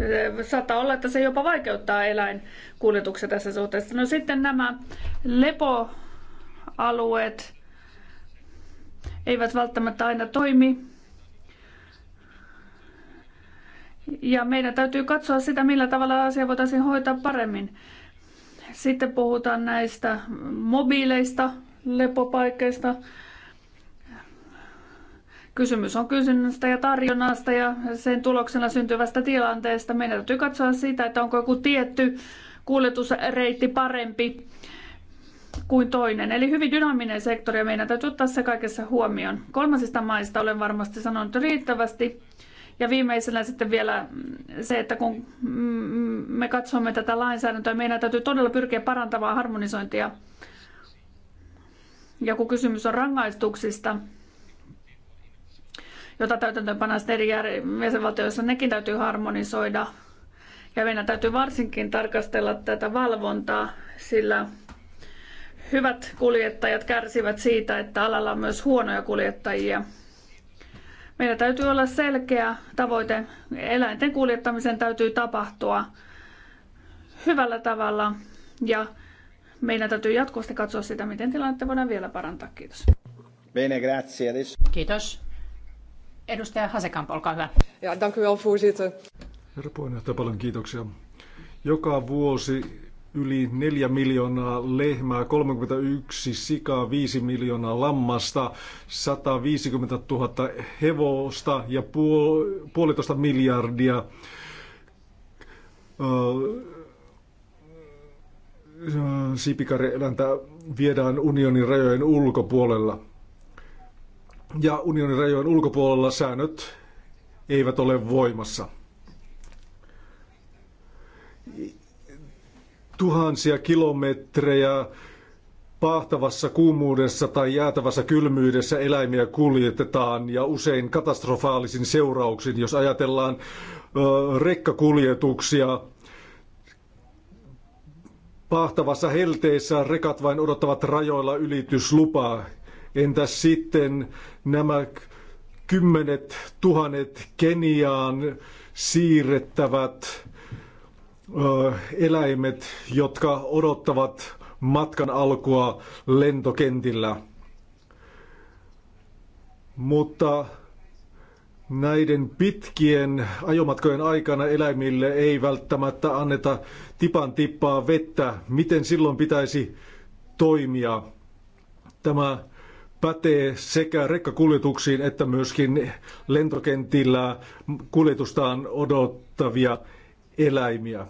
eh, saattaa olla, että se jopa vaikeuttaa eläinkuljetuksia tässä suhteessa. No sitten nämä lepoalueet eivät välttämättä aina toimi Ja meidän täytyy katsoa sitä, millä tavalla asia voitaisiin hoitaa paremmin. Sitten puhutaan näistä mobiileista, lepopaikkeista. Kysymys on kysynnästä ja tarjonnasta ja sen tuloksena syntyvästä tilanteesta. Meidän täytyy katsoa sitä, että onko joku tietty kuljetusreitti parempi kuin toinen. Eli hyvin dynaaminen sektori ja meidän täytyy ottaa se kaikessa huomioon. Kolmasista maista olen varmasti sanonut riittävästi. Ja viimeisenä sitten vielä se, että kun me katsomme tätä lainsäädäntöä, meidän täytyy todella pyrkiä parantamaan harmonisointia. Ja kun kysymys on rangaistuksista, jota täytäntöönpannaan eri jäsenvaltioissa, nekin täytyy harmonisoida. Ja meidän täytyy varsinkin tarkastella tätä valvontaa, sillä hyvät kuljettajat kärsivät siitä, että alalla on myös huonoja kuljettajia. Meillä täytyy olla selkeä tavoite. Eläinten kuljettamisen täytyy tapahtua hyvällä tavalla ja meidän täytyy jatkuvasti katsoa sitä, miten tilannetta voidaan vielä parantaa. Kiitos. Bene, grazie. Kiitos. Edustaja Hasekamp, olkaa hyvä. Ja, dank u wel, voorzitter. Herra puheenjohtaja, paljon kiitoksia. Joka vuosi yli 4 miljoonaa lehmää, 31 sikaa, 5 miljoonaa lammasta, 150 000 hevosta ja puolitoista miljardia sipikarieläntä viedään unionin rajojen ulkopuolella. Ja unionin rajojen ulkopuolella säännöt eivät ole voimassa tuhansia kilometrejä pahtavassa kuumuudessa tai jäätävässä kylmyydessä eläimiä kuljetetaan ja usein katastrofaalisin seurauksin, jos ajatellaan ö, rekkakuljetuksia. Pahtavassa helteessä rekat vain odottavat rajoilla ylityslupaa. Entäs sitten nämä kymmenet tuhannet Keniaan siirrettävät eläimet, jotka odottavat matkan alkua lentokentillä. Mutta näiden pitkien ajomatkojen aikana eläimille ei välttämättä anneta tipan tippaa vettä. Miten silloin pitäisi toimia? Tämä pätee sekä rekkakuljetuksiin että myöskin lentokentillä kuljetustaan odottavia eläimiä.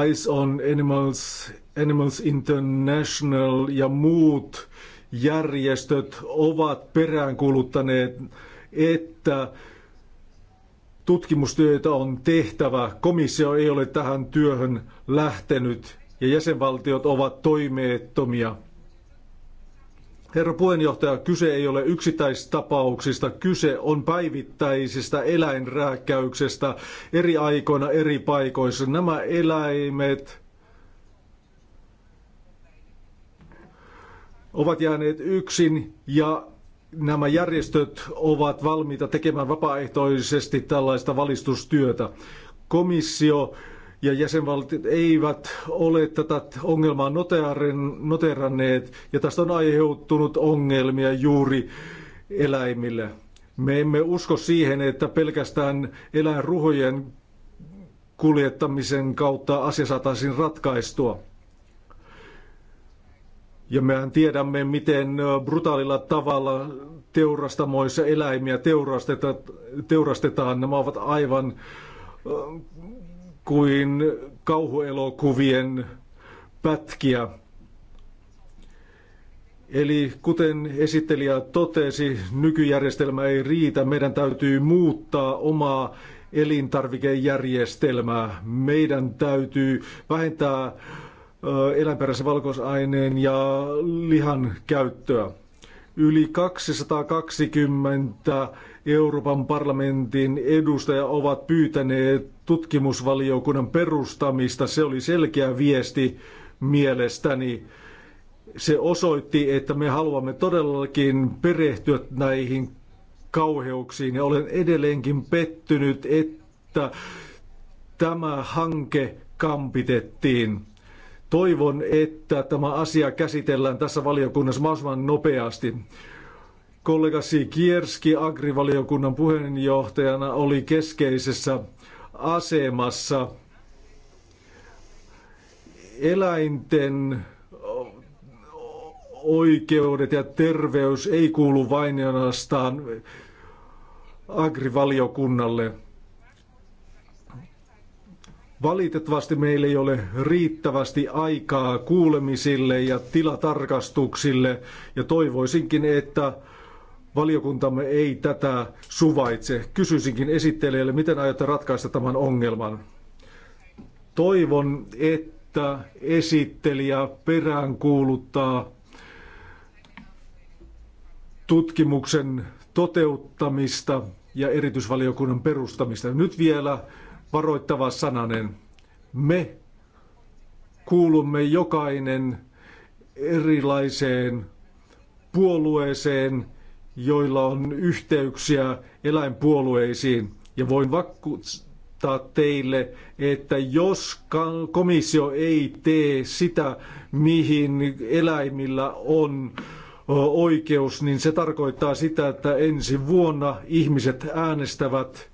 Eyes on Animals, Animals International ja muut järjestöt ovat peräänkuuluttaneet, että tutkimustyötä on tehtävä. Komissio ei ole tähän työhön lähtenyt ja jäsenvaltiot ovat toimeettomia. Herra puheenjohtaja, kyse ei ole yksittäistapauksista, kyse on päivittäisistä eläinrääkkäyksestä eri aikoina eri paikoissa. Nämä eläimet ovat jääneet yksin ja nämä järjestöt ovat valmiita tekemään vapaaehtoisesti tällaista valistustyötä. Komissio ja jäsenvaltiot eivät ole tätä ongelmaa noteranneet ja tästä on aiheutunut ongelmia juuri eläimille. Me emme usko siihen, että pelkästään eläinruhojen kuljettamisen kautta asia saataisiin ratkaistua. Ja mehän tiedämme, miten brutaalilla tavalla teurastamoissa eläimiä teurastetaan. Nämä ovat aivan kuin kauhuelokuvien pätkiä. Eli kuten esittelijä totesi, nykyjärjestelmä ei riitä. Meidän täytyy muuttaa omaa elintarvikejärjestelmää. Meidän täytyy vähentää eläinperäisen valkoisaineen ja lihan käyttöä. Yli 220 Euroopan parlamentin edustajaa ovat pyytäneet tutkimusvaliokunnan perustamista. Se oli selkeä viesti mielestäni. Se osoitti, että me haluamme todellakin perehtyä näihin kauheuksiin ja olen edelleenkin pettynyt, että tämä hanke kampitettiin. Toivon, että tämä asia käsitellään tässä valiokunnassa mahdollisimman nopeasti. Kollegasi kierski agrivaliokunnan puheenjohtajana oli keskeisessä asemassa. Eläinten oikeudet ja terveys ei kuulu vain ja ainoastaan agrivaliokunnalle. Valitettavasti meillä ei ole riittävästi aikaa kuulemisille ja tilatarkastuksille ja toivoisinkin, että valiokuntamme ei tätä suvaitse. Kysyisinkin esittelijälle, miten aiotte ratkaista tämän ongelman? Toivon, että esittelijä peräänkuuluttaa tutkimuksen toteuttamista ja erityisvaliokunnan perustamista. Nyt vielä varoittava sananen. Me kuulumme jokainen erilaiseen puolueeseen joilla on yhteyksiä eläinpuolueisiin. Ja voin vakuuttaa teille, että jos komissio ei tee sitä, mihin eläimillä on oikeus, niin se tarkoittaa sitä, että ensi vuonna ihmiset äänestävät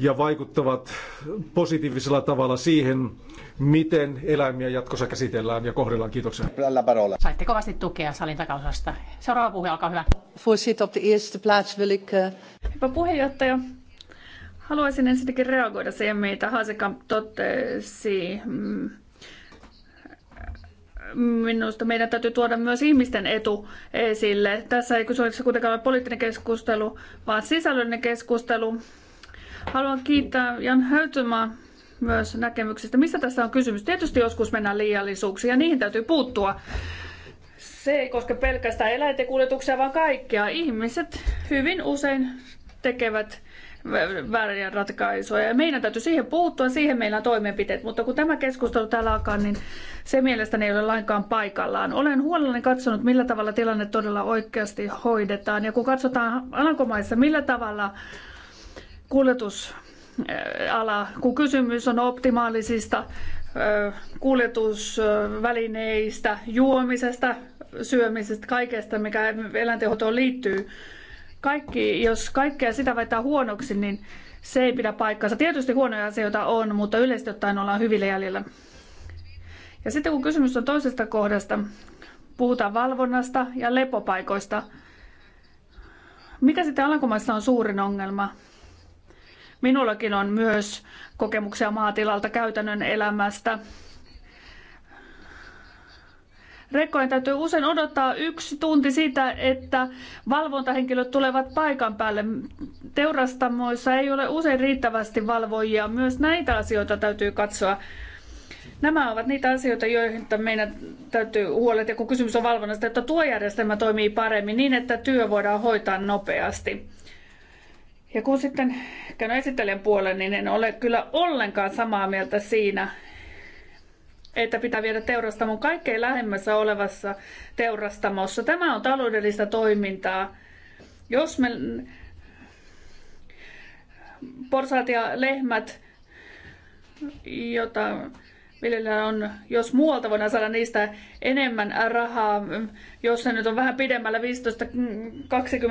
ja vaikuttavat positiivisella tavalla siihen, miten eläimiä jatkossa käsitellään ja kohdellaan. Kiitoksia. Saitte kovasti tukea salin takaosasta. Seuraava puhe, alkaa hyvä. op de eerste plaats wil ik... Eh, hyvä puheenjohtaja. Haluaisin ensinnäkin reagoida siihen, mitä Hasekamp totesi. Mm. Minusta meidän täytyy tuoda myös ihmisten etu esille. Tässä ei kuitenkaan ole poliittinen keskustelu, vaan sisällöllinen keskustelu Haluan kiittää Jan Höytymää myös näkemyksestä, mistä tässä on kysymys. Tietysti joskus mennään liiallisuuksiin ja niihin täytyy puuttua. Se ei koske pelkästään eläinten kuljetuksia, vaan kaikkea. Ihmiset hyvin usein tekevät vääriä ratkaisuja. Ja meidän täytyy siihen puuttua, siihen meillä on toimenpiteet. Mutta kun tämä keskustelu täällä alkaa, niin se mielestäni ei ole lainkaan paikallaan. Olen huolellani katsonut, millä tavalla tilanne todella oikeasti hoidetaan. Ja kun katsotaan Alankomaissa, millä tavalla kuljetusala, kun kysymys on optimaalisista kuljetusvälineistä, juomisesta, syömisestä, kaikesta, mikä eläintenhoitoon liittyy. Kaikki, jos kaikkea sitä väittää huonoksi, niin se ei pidä paikkaansa. Tietysti huonoja asioita on, mutta yleisesti ottaen ollaan hyvillä jäljellä. Ja sitten kun kysymys on toisesta kohdasta, puhutaan valvonnasta ja lepopaikoista. Mikä sitten Alankomaissa on suurin ongelma? Minullakin on myös kokemuksia maatilalta käytännön elämästä. Rekkojen täytyy usein odottaa yksi tunti sitä, että valvontahenkilöt tulevat paikan päälle. Teurastamoissa ei ole usein riittävästi valvojia. Myös näitä asioita täytyy katsoa. Nämä ovat niitä asioita, joihin meidän täytyy huolehtia, kun kysymys on valvonnasta, että tuo järjestelmä toimii paremmin niin, että työ voidaan hoitaa nopeasti. Ja kun sitten käyn esittelijän puolen, niin en ole kyllä ollenkaan samaa mieltä siinä, että pitää viedä teurastamon kaikkein lähemmässä olevassa teurastamossa. Tämä on taloudellista toimintaa. Jos me porsaat ja lehmät, jota viljelijä on, jos muualta voidaan saada niistä enemmän rahaa, jos se nyt on vähän pidemmällä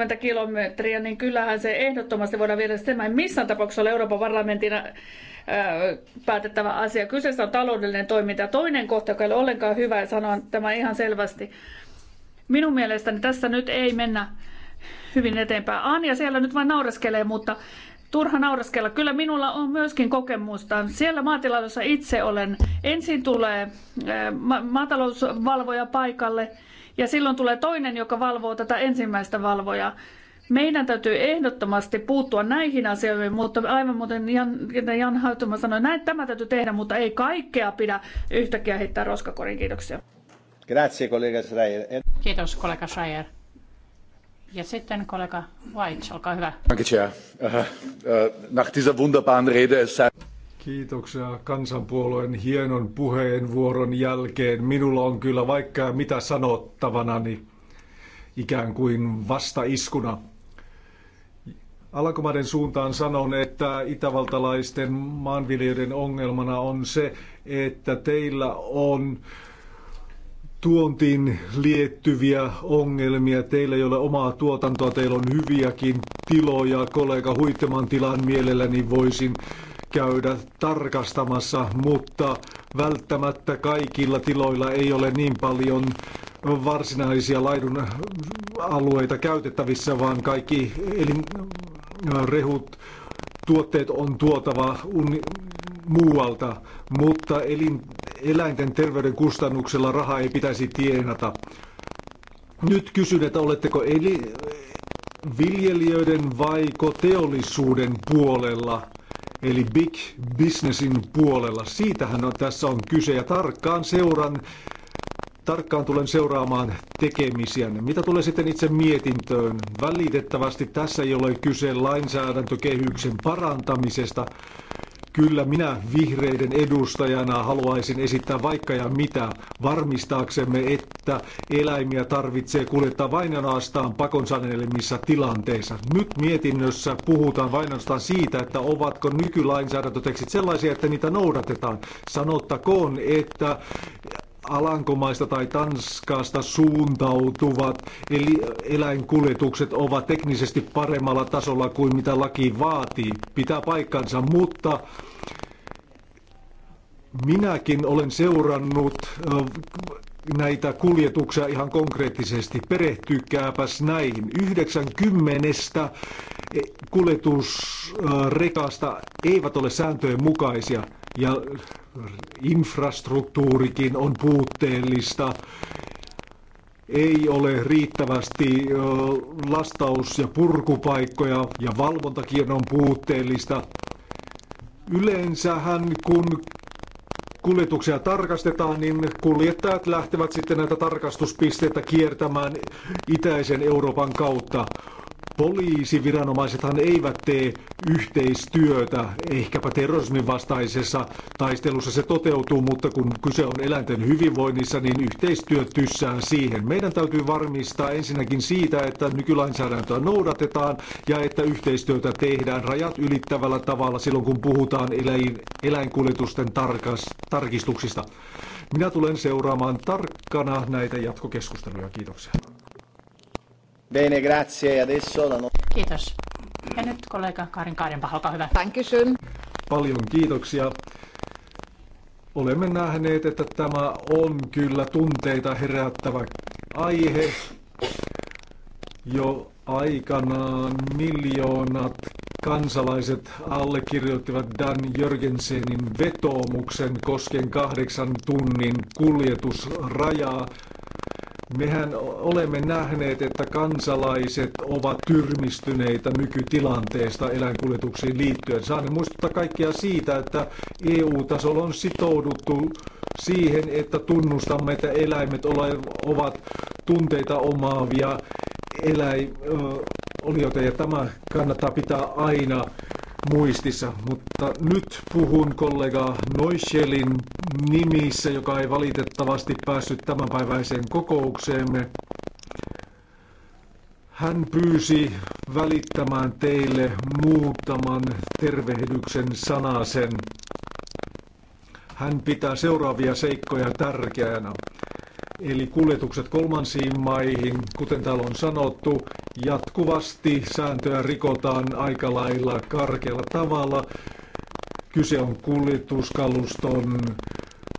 15-20 kilometriä, niin kyllähän se ehdottomasti voidaan viedä sitä. Ei missään tapauksessa ole Euroopan parlamentin äh, päätettävä asia. Kyseessä on taloudellinen toiminta. Toinen kohta, joka ei ole ollenkaan hyvä, ja sanon tämä ihan selvästi. Minun mielestäni tässä nyt ei mennä hyvin eteenpäin. Anja siellä nyt vain naureskelee, mutta turha nauraskella. Kyllä minulla on myöskin kokemusta. Siellä maatilalla, itse olen, ensin tulee eh, ma- maatalousvalvoja paikalle ja silloin tulee toinen, joka valvoo tätä ensimmäistä valvojaa. Meidän täytyy ehdottomasti puuttua näihin asioihin, mutta aivan muuten Jan, Jan Hautuma sanoi, että tämä täytyy tehdä, mutta ei kaikkea pidä yhtäkkiä heittää roskakorin. Kiitoksia. Grazie, kollega Schreier. Kiitos, kollega Schreier. Ja sitten kollega olkaa hyvä. Eh, eh, Nach dieser wunderbaren Rede Kiitoksia kansanpuolueen hienon puheenvuoron jälkeen. Minulla on kyllä vaikka mitä sanottavana, niin ikään kuin vastaiskuna. Alankomaiden suuntaan sanon, että itävaltalaisten maanviljelijöiden ongelmana on se, että teillä on tuontiin liettyviä ongelmia. Teillä ei ole omaa tuotantoa, teillä on hyviäkin tiloja. Kollega Huitteman tilan mielelläni voisin käydä tarkastamassa, mutta välttämättä kaikilla tiloilla ei ole niin paljon varsinaisia laidun alueita käytettävissä, vaan kaikki elin, rehut, tuotteet on tuotava un, muualta, mutta elin, eläinten terveyden kustannuksella rahaa ei pitäisi tienata. Nyt kysyn, että oletteko eli eh, viljelijöiden vaiko teollisuuden puolella, eli big businessin puolella. Siitähän on, tässä on kyse ja tarkkaan seuran tarkkaan tulen seuraamaan tekemisiä. Mitä tulee sitten itse mietintöön? Välitettävästi tässä ei ole kyse lainsäädäntökehyksen parantamisesta, Kyllä minä vihreiden edustajana haluaisin esittää vaikka ja mitä varmistaaksemme, että eläimiä tarvitsee kuljettaa vain ainoastaan pakon sanelemissa tilanteissa. Nyt mietinnössä puhutaan vain ainoastaan siitä, että ovatko nykylainsäädäntötekstit sellaisia, että niitä noudatetaan. Sanottakoon, että Alankomaista tai Tanskasta suuntautuvat eli eläinkuljetukset ovat teknisesti paremmalla tasolla kuin mitä laki vaatii. Pitää paikkansa, mutta minäkin olen seurannut äh, näitä kuljetuksia ihan konkreettisesti. Perehtykääpäs näihin. 90 kuljetusrekasta eivät ole sääntöjen mukaisia ja infrastruktuurikin on puutteellista. Ei ole riittävästi lastaus- ja purkupaikkoja ja valvontakin on puutteellista. Yleensähän kun kuljetuksia tarkastetaan, niin kuljettajat lähtevät sitten näitä tarkastuspisteitä kiertämään itäisen Euroopan kautta. Poliisiviranomaisethan eivät tee yhteistyötä, ehkäpä terrorismin vastaisessa taistelussa se toteutuu, mutta kun kyse on eläinten hyvinvoinnissa, niin yhteistyö tyssää siihen. Meidän täytyy varmistaa ensinnäkin siitä, että nykylainsäädäntöä noudatetaan ja että yhteistyötä tehdään rajat ylittävällä tavalla silloin, kun puhutaan eläin, eläinkuljetusten tarkas, tarkistuksista. Minä tulen seuraamaan tarkkana näitä jatkokeskusteluja. Kiitoksia. Bene, grazie. Adesso la no... Kiitos. Ja nyt kollega Karin Kaarenpa, olkaa hyvä. Kysyn. Paljon kiitoksia. Olemme nähneet, että tämä on kyllä tunteita herättävä aihe. Jo aikanaan miljoonat kansalaiset allekirjoittivat Dan Jörgensenin vetoomuksen koskien kahdeksan tunnin kuljetusrajaa Mehän olemme nähneet, että kansalaiset ovat tyrmistyneitä nykytilanteesta eläinkuljetuksiin liittyen. Saan muistuttaa kaikkia siitä, että EU-tasolla on sitouduttu siihen, että tunnustamme, että eläimet ovat tunteita omaavia eläin, olioita, ja tämä kannattaa pitää aina muistissa, mutta nyt puhun kollega Noishelin nimissä, joka ei valitettavasti päässyt tämänpäiväiseen kokoukseemme. Hän pyysi välittämään teille muutaman tervehdyksen sanasen. Hän pitää seuraavia seikkoja tärkeänä. Eli kuljetukset kolmansiin maihin, kuten täällä on sanottu, jatkuvasti sääntöä rikotaan aika lailla karkealla tavalla. Kyse on kuljetuskaluston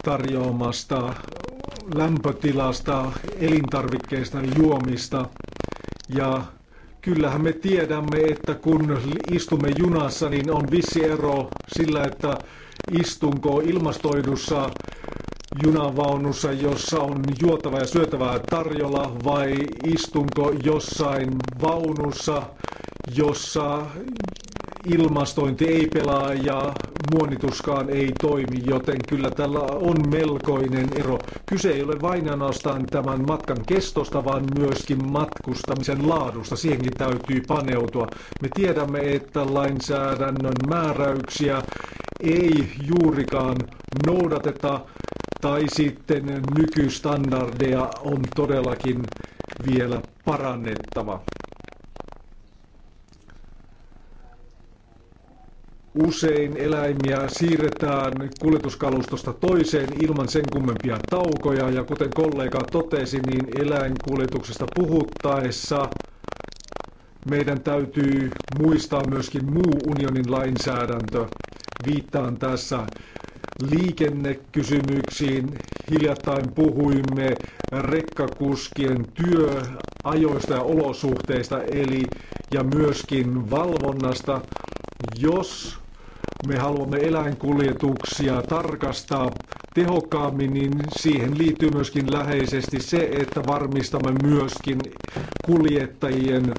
tarjoamasta lämpötilasta, elintarvikkeista, juomista. Ja kyllähän me tiedämme, että kun istumme junassa, niin on vissi ero sillä, että istunko ilmastoidussa junanvaunussa, jossa on juotavaa ja syötävää tarjolla, vai istunko jossain vaunussa, jossa ilmastointi ei pelaa ja muonituskaan ei toimi, joten kyllä tällä on melkoinen ero. Kyse ei ole vain ainoastaan tämän matkan kestosta, vaan myöskin matkustamisen laadusta. Siihenkin täytyy paneutua. Me tiedämme, että lainsäädännön määräyksiä ei juurikaan noudateta tai sitten nykystandardeja on todellakin vielä parannettava. Usein eläimiä siirretään kuljetuskalustosta toiseen ilman sen kummempia taukoja ja kuten kollega totesi, niin eläinkuljetuksesta puhuttaessa meidän täytyy muistaa myöskin muu unionin lainsäädäntö. Viittaan tässä liikennekysymyksiin. Hiljattain puhuimme rekkakuskien työajoista ja olosuhteista eli ja myöskin valvonnasta. Jos me haluamme eläinkuljetuksia tarkastaa tehokkaammin, niin siihen liittyy myöskin läheisesti se, että varmistamme myöskin kuljettajien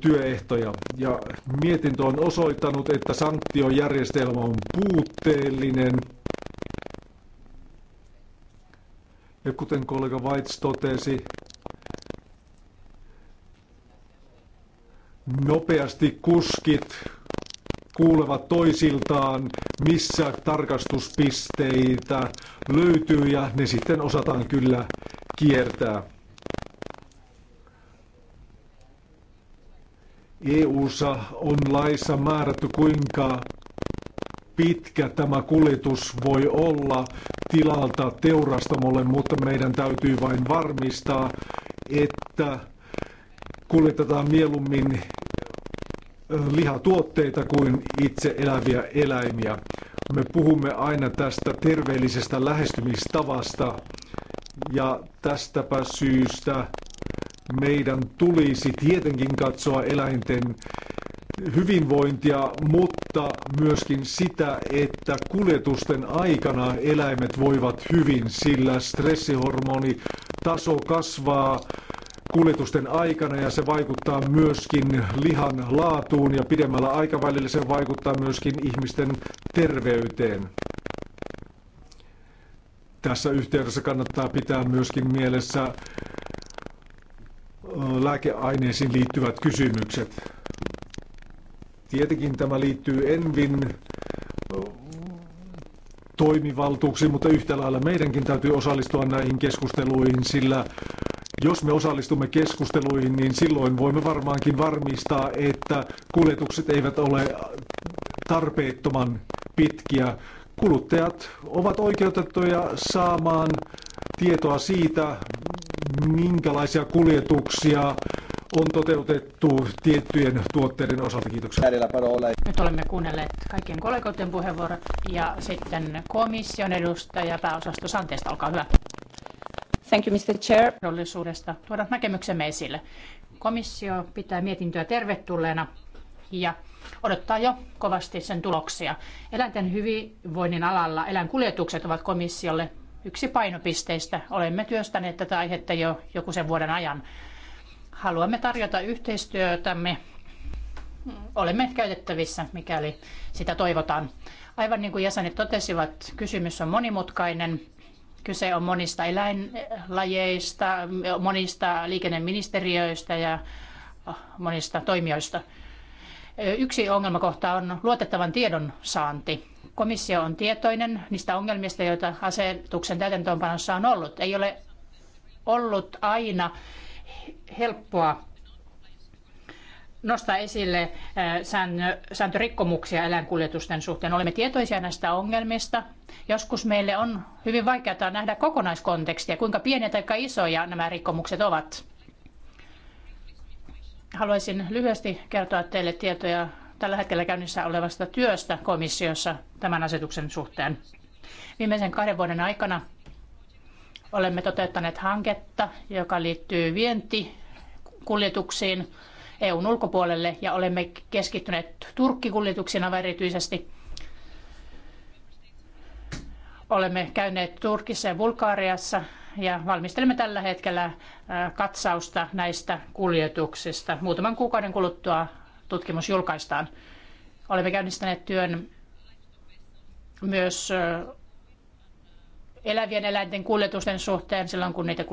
työehtoja. Ja mietintö on osoittanut, että sanktiojärjestelmä on puutteellinen. Ja kuten kollega Weitz totesi, nopeasti kuskit kuulevat toisiltaan, missä tarkastuspisteitä löytyy ja ne sitten osataan kyllä kiertää. EU:ssa on laissa määrätty, kuinka pitkä tämä kuljetus voi olla tilalta teurastamolle, mutta meidän täytyy vain varmistaa, että kuljetetaan mieluummin lihatuotteita kuin itse eläviä eläimiä. Me puhumme aina tästä terveellisestä lähestymistavasta ja tästäpä syystä meidän tulisi tietenkin katsoa eläinten hyvinvointia, mutta myöskin sitä, että kuljetusten aikana eläimet voivat hyvin, sillä stressihormoni taso kasvaa kuljetusten aikana ja se vaikuttaa myöskin lihan laatuun ja pidemmällä aikavälillä se vaikuttaa myöskin ihmisten terveyteen. Tässä yhteydessä kannattaa pitää myöskin mielessä lääkeaineisiin liittyvät kysymykset. Tietenkin tämä liittyy Envin toimivaltuuksiin, mutta yhtä lailla meidänkin täytyy osallistua näihin keskusteluihin, sillä jos me osallistumme keskusteluihin, niin silloin voimme varmaankin varmistaa, että kuljetukset eivät ole tarpeettoman pitkiä. Kuluttajat ovat oikeutettuja saamaan tietoa siitä, minkälaisia kuljetuksia on toteutettu tiettyjen tuotteiden osalta. Kiitoksia. Nyt olemme kuunnelleet kaikkien kollegoiden puheenvuorot ja sitten komission edustaja pääosasto Santeesta, olkaa hyvä. Thank you, Mr. Chair. Mahdollisuudesta tuoda näkemyksemme esille. Komissio pitää mietintöä tervetulleena ja odottaa jo kovasti sen tuloksia. Eläinten hyvinvoinnin alalla eläinkuljetukset ovat komissiolle yksi painopisteistä. Olemme työstäneet tätä aihetta jo joku sen vuoden ajan. Haluamme tarjota yhteistyötämme. Olemme käytettävissä, mikäli sitä toivotaan. Aivan niin kuin jäsenet totesivat, kysymys on monimutkainen. Kyse on monista eläinlajeista, monista liikenneministeriöistä ja monista toimijoista. Yksi ongelmakohta on luotettavan tiedon saanti. Komissio on tietoinen niistä ongelmista, joita asetuksen täytäntöönpanossa on ollut. Ei ole ollut aina helppoa nostaa esille eh, sääntörikkomuksia eläinkuljetusten suhteen. Olemme tietoisia näistä ongelmista. Joskus meille on hyvin vaikeaa nähdä kokonaiskontekstia, kuinka pieniä tai isoja nämä rikkomukset ovat. Haluaisin lyhyesti kertoa teille tietoja tällä hetkellä käynnissä olevasta työstä komissiossa tämän asetuksen suhteen. Viimeisen kahden vuoden aikana olemme toteuttaneet hanketta, joka liittyy vientikuljetuksiin EUn ulkopuolelle ja olemme keskittyneet Turkkikuljetuksiin aivan erityisesti. Olemme käyneet Turkissa ja Bulgaariassa ja valmistelemme tällä hetkellä katsausta näistä kuljetuksista. Muutaman kuukauden kuluttua tutkimus julkaistaan. Olemme käynnistäneet työn myös elävien eläinten kuljetusten suhteen silloin, kun niitä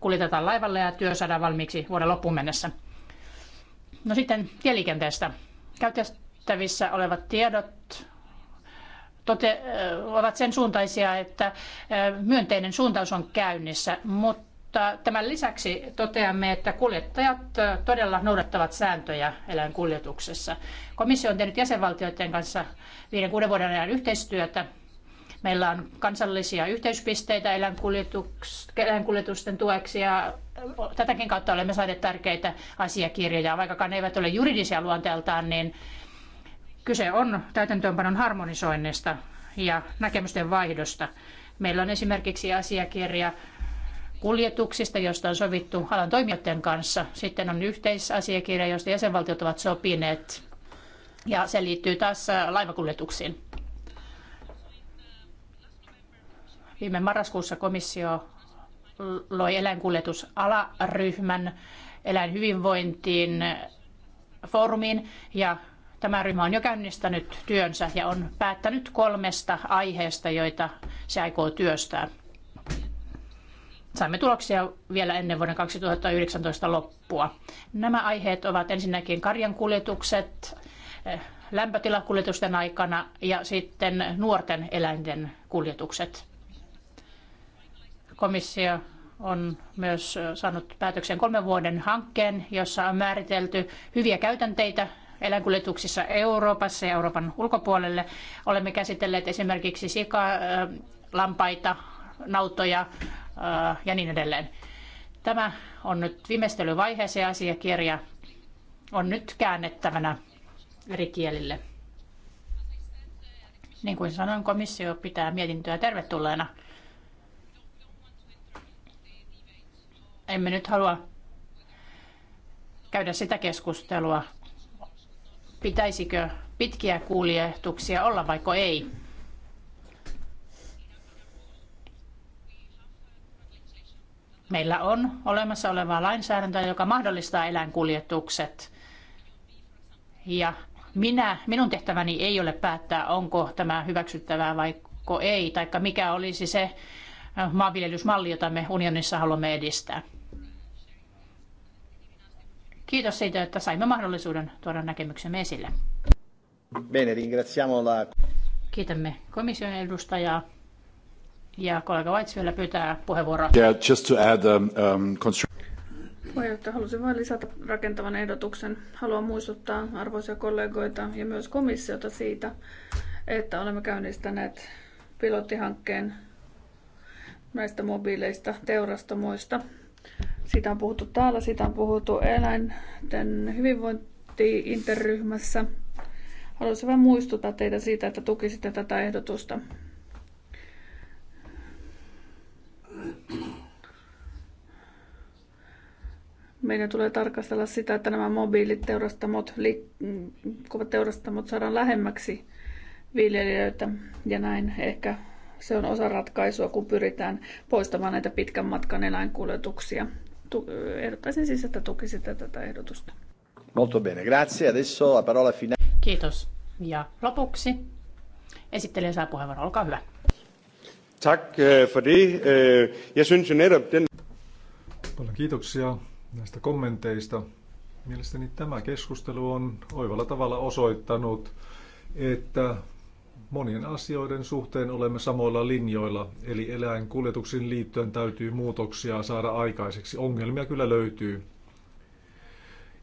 kuljetetaan laivalle ja työ saadaan valmiiksi vuoden loppuun mennessä. No sitten tieliikenteestä. Käytettävissä olevat tiedot tote, ovat sen suuntaisia, että myönteinen suuntaus on käynnissä, mutta mutta tämän lisäksi toteamme, että kuljettajat todella noudattavat sääntöjä eläinkuljetuksessa. Komissio on tehnyt jäsenvaltioiden kanssa viiden kuuden vuoden ajan yhteistyötä. Meillä on kansallisia yhteyspisteitä eläinkuljetusten tueksi ja tätäkin kautta olemme saaneet tärkeitä asiakirjoja. Vaikkakaan ne eivät ole juridisia luonteeltaan, niin kyse on täytäntöönpanon harmonisoinnista ja näkemysten vaihdosta. Meillä on esimerkiksi asiakirja kuljetuksista, josta on sovittu alan toimijoiden kanssa. Sitten on yhteisasiakirja, josta jäsenvaltiot ovat sopineet. Ja se liittyy taas äh, laivakuljetuksiin. Viime marraskuussa komissio loi eläinkuljetusalaryhmän eläinhyvinvointiin äh, foorumiin ja tämä ryhmä on jo käynnistänyt työnsä ja on päättänyt kolmesta aiheesta, joita se aikoo työstää saimme tuloksia vielä ennen vuoden 2019 loppua. Nämä aiheet ovat ensinnäkin karjan kuljetukset, eh, lämpötilakuljetusten aikana ja sitten nuorten eläinten kuljetukset. Komissio on myös saanut päätöksen kolmen vuoden hankkeen, jossa on määritelty hyviä käytänteitä eläinkuljetuksissa Euroopassa ja Euroopan ulkopuolelle. Olemme käsitelleet esimerkiksi sika, eh, lampaita, nautoja, Äh, ja niin edelleen. Tämä on nyt viimeistelyvaiheessa ja asiakirja on nyt käännettävänä eri kielille. Niin kuin sanoin, komissio pitää mietintöä tervetulleena. Emme nyt halua käydä sitä keskustelua, pitäisikö pitkiä kuljetuksia olla vaiko ei. Meillä on olemassa olevaa lainsäädäntöä, joka mahdollistaa eläinkuljetukset. Ja minä, minun tehtäväni ei ole päättää, onko tämä hyväksyttävää vai ei, tai mikä olisi se äh, maanviljelysmalli, jota me unionissa haluamme edistää. Kiitos siitä, että saimme mahdollisuuden tuoda näkemyksemme esille. Bene, ringraziamo la... Kiitämme komission edustajaa. Ja kollega Vaits vielä pyytää puheenvuoroa. Yeah, just to add, um, um, Puheenjohtaja, halusin vain lisätä rakentavan ehdotuksen. Haluan muistuttaa arvoisia kollegoita ja myös komissiota siitä, että olemme käynnistäneet pilottihankkeen näistä mobiileista teurastamoista. Siitä on puhuttu täällä, siitä on puhuttu eläinten hyvinvointi-interryhmässä. Haluaisin vain muistuttaa teitä siitä, että tukisitte tätä ehdotusta. Meidän tulee tarkastella sitä, että nämä mobiilit teurastamot, mm, kovat teurastamot saadaan lähemmäksi viljelijöitä ja näin ehkä se on osa ratkaisua, kun pyritään poistamaan näitä pitkän matkan eläinkuljetuksia. Ehdottaisin siis, että tukisitte tätä ehdotusta. Molto bene, grazie. Adesso la parola finale. Kiitos. Ja lopuksi esittelijä saa puheenvuoron. Olkaa hyvä. Tack eh, for det. Eh, Jag syns ju netop den... Paljon kiitoksia näistä kommenteista. Mielestäni tämä keskustelu on oivalla tavalla osoittanut, että monien asioiden suhteen olemme samoilla linjoilla, eli eläinkuljetuksiin liittyen täytyy muutoksia saada aikaiseksi. Ongelmia kyllä löytyy.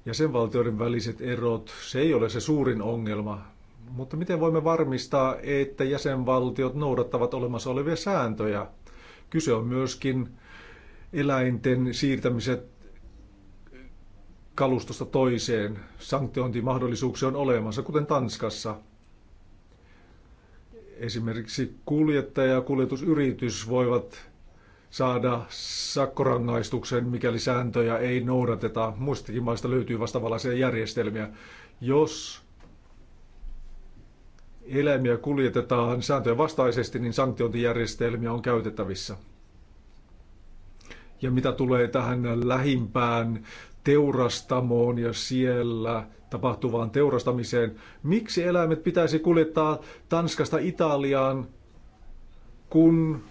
Jäsenvaltioiden väliset erot, se ei ole se suurin ongelma. Mutta miten voimme varmistaa, että jäsenvaltiot noudattavat olemassa olevia sääntöjä? Kyse on myöskin eläinten siirtämiset kalustosta toiseen. Sanktiointimahdollisuuksia on olemassa, kuten Tanskassa. Esimerkiksi kuljettaja ja kuljetusyritys voivat saada sakkorangaistuksen, mikäli sääntöjä ei noudateta. Muistakin maista löytyy vastaavanlaisia järjestelmiä. Jos eläimiä kuljetetaan sääntöjen vastaisesti, niin sanktiointijärjestelmiä on käytettävissä. Ja mitä tulee tähän lähimpään teurastamoon ja siellä tapahtuvaan teurastamiseen. Miksi eläimet pitäisi kuljettaa Tanskasta Italiaan, kun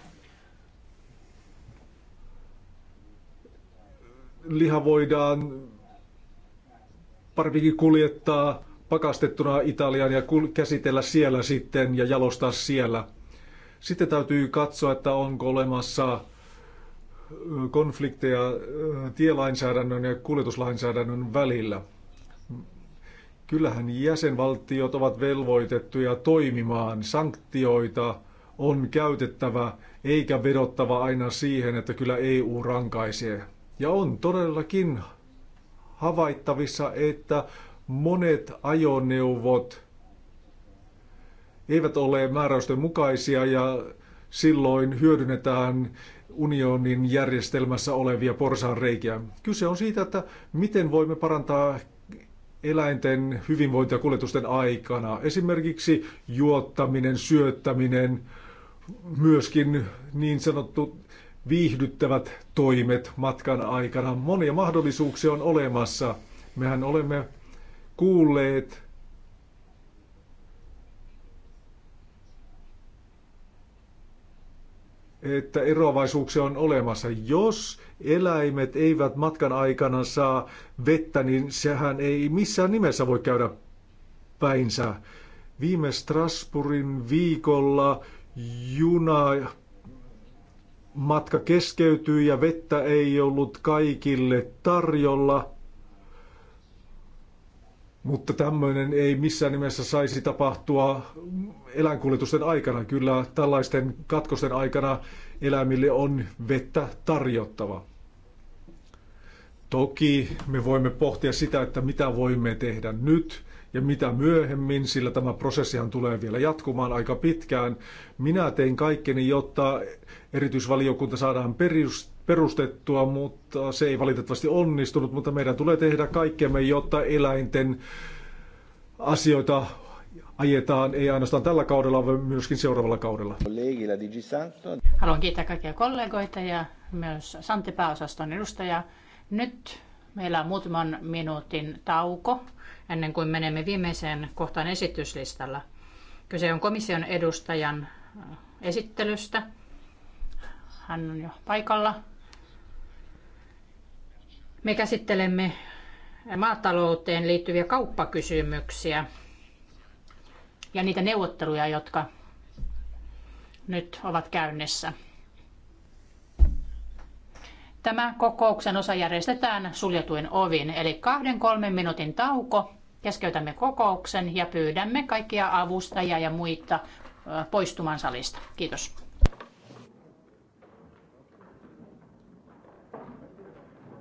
liha voidaan parvikin kuljettaa pakastettuna Italiaan ja käsitellä siellä sitten ja jalostaa siellä. Sitten täytyy katsoa, että onko olemassa konflikteja tielainsäädännön ja kuljetuslainsäädännön välillä. Kyllähän jäsenvaltiot ovat velvoitettuja toimimaan. Sanktioita on käytettävä eikä vedottava aina siihen, että kyllä EU rankaisee. Ja on todellakin havaittavissa, että monet ajoneuvot eivät ole määräysten mukaisia ja silloin hyödynnetään unionin järjestelmässä olevia porsaanreikiä. Kyse on siitä, että miten voimme parantaa eläinten hyvinvointia kuljetusten aikana. Esimerkiksi juottaminen, syöttäminen, myöskin niin sanottu viihdyttävät toimet matkan aikana. Monia mahdollisuuksia on olemassa. Mehän olemme kuulleet että eroavaisuuksia on olemassa. Jos eläimet eivät matkan aikana saa vettä, niin sehän ei missään nimessä voi käydä päinsä. Viime Strasbourgin viikolla juna matka keskeytyi ja vettä ei ollut kaikille tarjolla. Mutta tämmöinen ei missään nimessä saisi tapahtua eläinkuljetusten aikana. Kyllä tällaisten katkosten aikana eläimille on vettä tarjottava. Toki me voimme pohtia sitä, että mitä voimme tehdä nyt ja mitä myöhemmin, sillä tämä prosessihan tulee vielä jatkumaan aika pitkään. Minä tein kaikkeni, jotta erityisvaliokunta saadaan perustettua perustettua, mutta se ei valitettavasti onnistunut, mutta meidän tulee tehdä kaikkemme, jotta eläinten asioita ajetaan, ei ainoastaan tällä kaudella, vaan myöskin seuraavalla kaudella. Haluan kiittää kaikkia kollegoita ja myös Santti pääosaston edustaja. Nyt meillä on muutaman minuutin tauko ennen kuin menemme viimeiseen kohtaan esityslistalla. Kyse on komission edustajan äh, esittelystä. Hän on jo paikalla. Me käsittelemme maatalouteen liittyviä kauppakysymyksiä ja niitä neuvotteluja, jotka nyt ovat käynnissä. Tämä kokouksen osa järjestetään suljetuin ovin, eli kahden kolmen minuutin tauko. Keskeytämme kokouksen ja pyydämme kaikkia avustajia ja muita poistumaan salista. Kiitos.